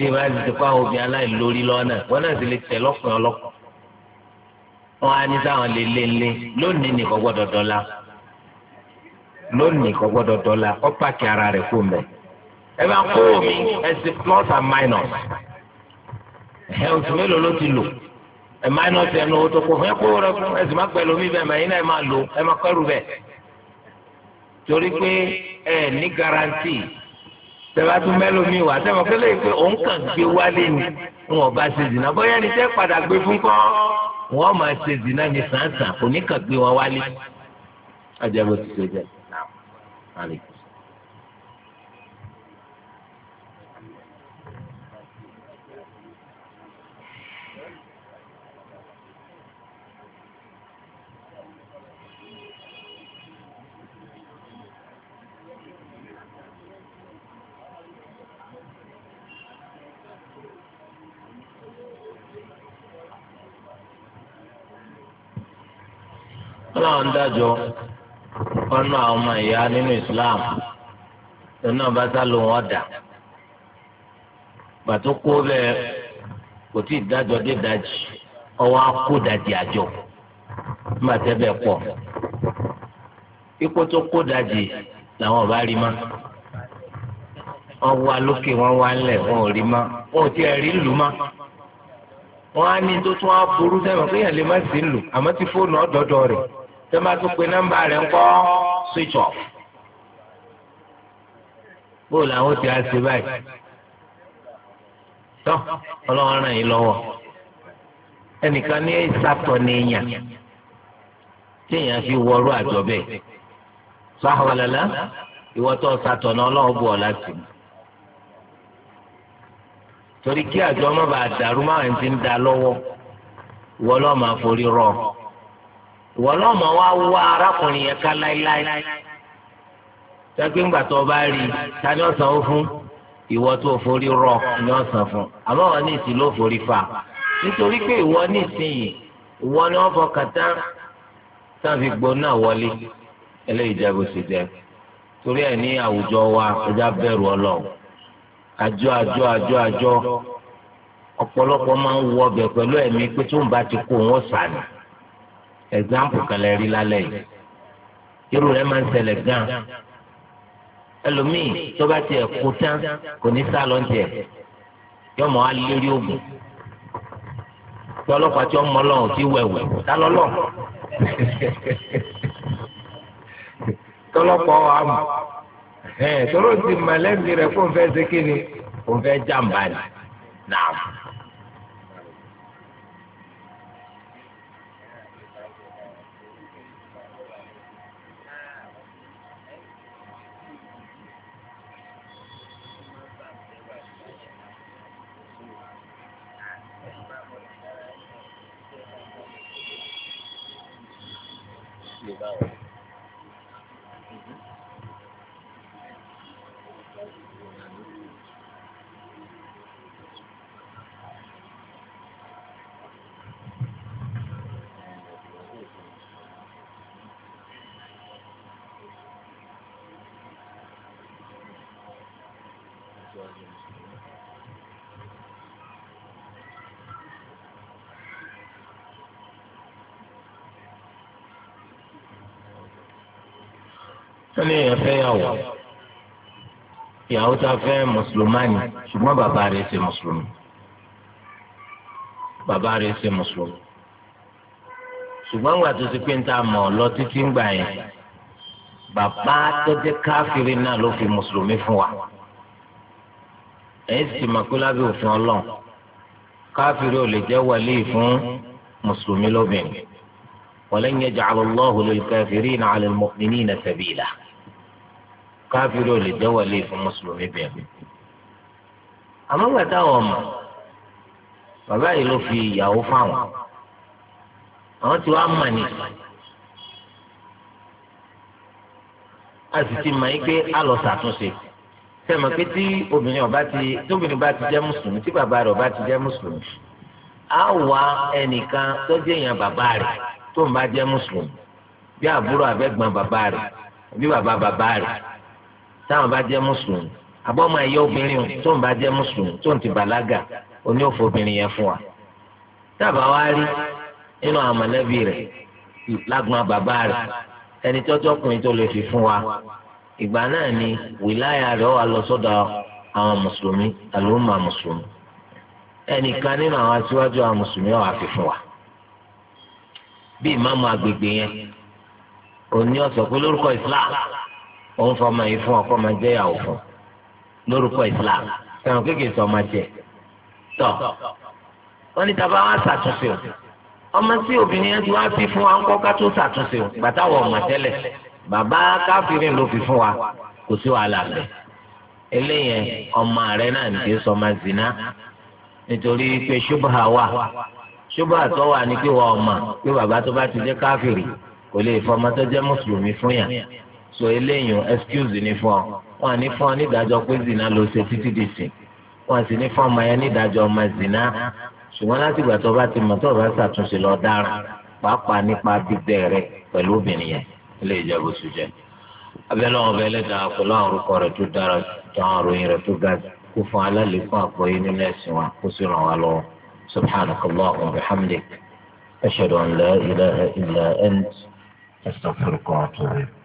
tí ìbá ti ti kọ́ àwọn obìnrin aláìlórí lọ́nà wọn náà sì lè tẹ̀ lọ́kùnrin ọlọ́kùnrin wọn á ní sáwọn lè lé lé lónìí nìkan gbọ́dọ̀ dọ́là lónìí kò gbọ́dọ̀ dọ́là kó pàkì ara rẹ̀ kó mẹ ẹ bá kó omi ẹsẹ plus and minus ẹ oṣù mélòó ló ti lò ẹ minus ẹnu owó tó kó fún ẹ kó rẹ fún ẹsẹ má pẹ̀lú omi bẹ́ẹ̀ mẹyìn náà ẹ má lò ẹ má kẹrù bẹ́ẹ̀ torí pé ẹ ní garanti tẹ̀wájú mẹ́lòmí wà tẹ̀wọ́n kẹ́lẹ́ pé òun kàn gbé wálé ni wọn ò bá ṣe zìnà bóyá ni tẹ́ padà gbé fún kọ́ wọn máa ṣe zìnà ní sàǹsàn kò ní kàn gbé wọn wálé. ajá bó ti ṣe jẹ́ náà. ọlọ́run dájọ́ a àwọn ọmọ ìyá nínú Islam lọ́nà bá sá ló wọ́n dà pàtó kó bẹ́ẹ̀ kò tí ì dájọ́ dé dájì ọwọ́ akó àjọ nígbà tẹ́ bẹ́ẹ̀ pọ̀ ikú tó kó làwọn ọba rí ma wọn wá lókè wọn wá ma ò rí lù ma á ní tó tún á burú tẹ́ máa tún pe nọ́mbà rẹ̀ ń switch off bó làwọn ti á báyìí tọ́ ọlọ́run ràn yín lọ́wọ́ ẹnìkan ní ní èèyàn tí èèyàn fi wọrú àjọ bẹ́ẹ̀ sáhọ́lẹ́lá ìwọ tó náà ọlọ́run bù ọ́ láti torí kí àjọ ọmọ bá dàrú máa ń ti ń da máa forí ìwọ náà mọ̀ wá wá arákùnrin yẹn ká láéláé sẹ́gbẹ́ ńgbà tó bá rí tani ta ó fún ìwọ tó forí rọ ni ọ̀sán fún àmọ́ wọn ní ìsìn ló forí fa nítorí pé ìwọ ní ìsìn yìí ìwọ ni wọ́n fọkàn tán tán fi gbóná wọlé eléyìí jẹ́ bó ṣe torí ẹ̀ ní àwùjọ wa ẹja bẹ̀rù ọlọ. àjọ àjọ àjọ àjọ ọpọlọpọ máa ń wọ ọbẹ̀ pẹ̀lú ẹ̀mí pé tó ń bá ti kó wọn sànù. example kan lẹ rí lálẹ́ yìí irú rẹ̀ máa ń ṣẹlẹ̀ gan ẹlòmíì tó bá tiẹ̀ kú tán kò ní sá lọ tiẹ̀ yọ mọ alérí ogun tí ọlọ́pàá tí ọmọ Ọlọ́run ti wẹwẹ tá lọlọ tọlọpàá wa mọ ẹ tọrọ ti mọ lẹbi rẹ fún fẹsẹ kí ni òun fẹ́ jàǹbá ni nàá. wọ́n ní èèyàn fẹ́ yàwó ìyàwó tá a fẹ́ mùsùlùmáàni ṣùgbọ́n bàbá rẹ̀ ṣe mùsùlùmí bàbá rẹ̀ ṣe mùsùlùmí ṣùgbọ́n gbà tó ti pé ń ta mọ̀ lọ títí ń gbà yẹn bàbá tó jẹ́ káfíìrì náà ló fi mùsùlùmí fún wa ẹ̀yìn sì máa kó lábẹ́ òfin ọlọ́run káfíìrì ò lè jẹ́ wàlí fún mùsùlùmí lóbìnrin walan yaj'ala Allahu lil kafirina 'ala al-mu'minina sabila káfíìrì ò lè jẹ́ wọlé fún mùsùlùmí bẹ́ẹ̀. àmọ́ gbàtà ọmọ bàbá yìí ló fi ìyàwó fáwọn àwọn tí wàá mà ní. a sì ti mọ̀ yín pé a lọ ṣàtúnṣe sẹ́mọ̀ pé tí obìnrin ọba ti tóbìnrin bá ti jẹ́ mùsùlùmí tí bàbá rẹ̀ ọba ti jẹ́ mùsùlùmí á wá ẹnìkan tó jẹ́ èèyàn bàbá rẹ̀ tó ń bá jẹ́ mùsùlùmí bí àbúrò abẹ́gbọ̀n bàbá rẹ̀ bí bàbá bàbá rẹ̀ táwọn bá jẹ́ mùsùlùmí àbọ̀ ọmọ ẹ̀yọ́ obìnrin tó ń bá jẹ́ mùsùlùmí tó ń ti bàlágà oní òfò obìnrin yẹn fún wa tábà wá rí nínú àwọn mọ̀lẹ́bí rẹ̀ lágbọn bàbá rẹ̀ ẹni ọkùnrin tó lè fi fún wa ìgbà náà ni wìláyà rẹ̀ wà lọ sọ́dọ̀ àwọn mùsùlùmí àlùmọ̀ mùsùlùmí ẹnìkan nínú àwọn aṣíwájú àwọn mùsùlùmí wà fi fún wa bí ìmáàmù agbègbè yẹn òní ọ̀sọ̀ pé lórúkọ Islam òun fọmọ yìí fún ọkọ máa jẹ ìyàwó fún lórúkọ islam ẹwọn kéèké sọ ọmọ jẹ tọ wọn ní tàbá wá ṣàtúnṣe o ọmọ tí obìnrin yẹn ti wá fi fún wa ń kọ́ ká tó ṣàtúnṣe o gbàtà wọ ọmọ tẹ́lẹ̀ bàbá káfírin ló fi fún wa kò sí wàhálà bẹ́ẹ̀ eléyẹn ọmọ rẹ náà nìké sọmọ zina nítorí pé ṣubha wà ṣubha tó wà ní pé wà ọmọ pé bàbá tó bá ti jẹ káfírin kò lè fọmọ tó jẹ mùsùlùmí fún yàn sọ eléyìí excuse ní fún ọ wọn à ní fún ọ nídàájọ́ pé zina ló ṣe títí di sìn wọn à sì ní fún ọmọ yẹn nídàájọ́ ọmọ zina ṣùgbọ́n láti ìgbà tó bá ti mọ̀ tó bá ṣàtúnṣe lọ dára pàápàá nípa bíbẹ̀ rẹ̀ pẹ̀lú obìnrin yẹn ilé ìjẹ́bù sùjẹ́ abẹ́lẹ́ wọn bẹ́ẹ̀ lẹ́dàá pẹ̀lú àwọn orúkọ rẹ̀ tó dára tó àwọn òròyìn rẹ̀ tó ga kó fún alálẹ́kùn àgbọ́yé nínú ẹ̀sìn wa kó sì ràn wá lọ́wọ́ subhanakallah wa bihamdik ashhadu an la ilaha illa ant astaghfiruka wa atubu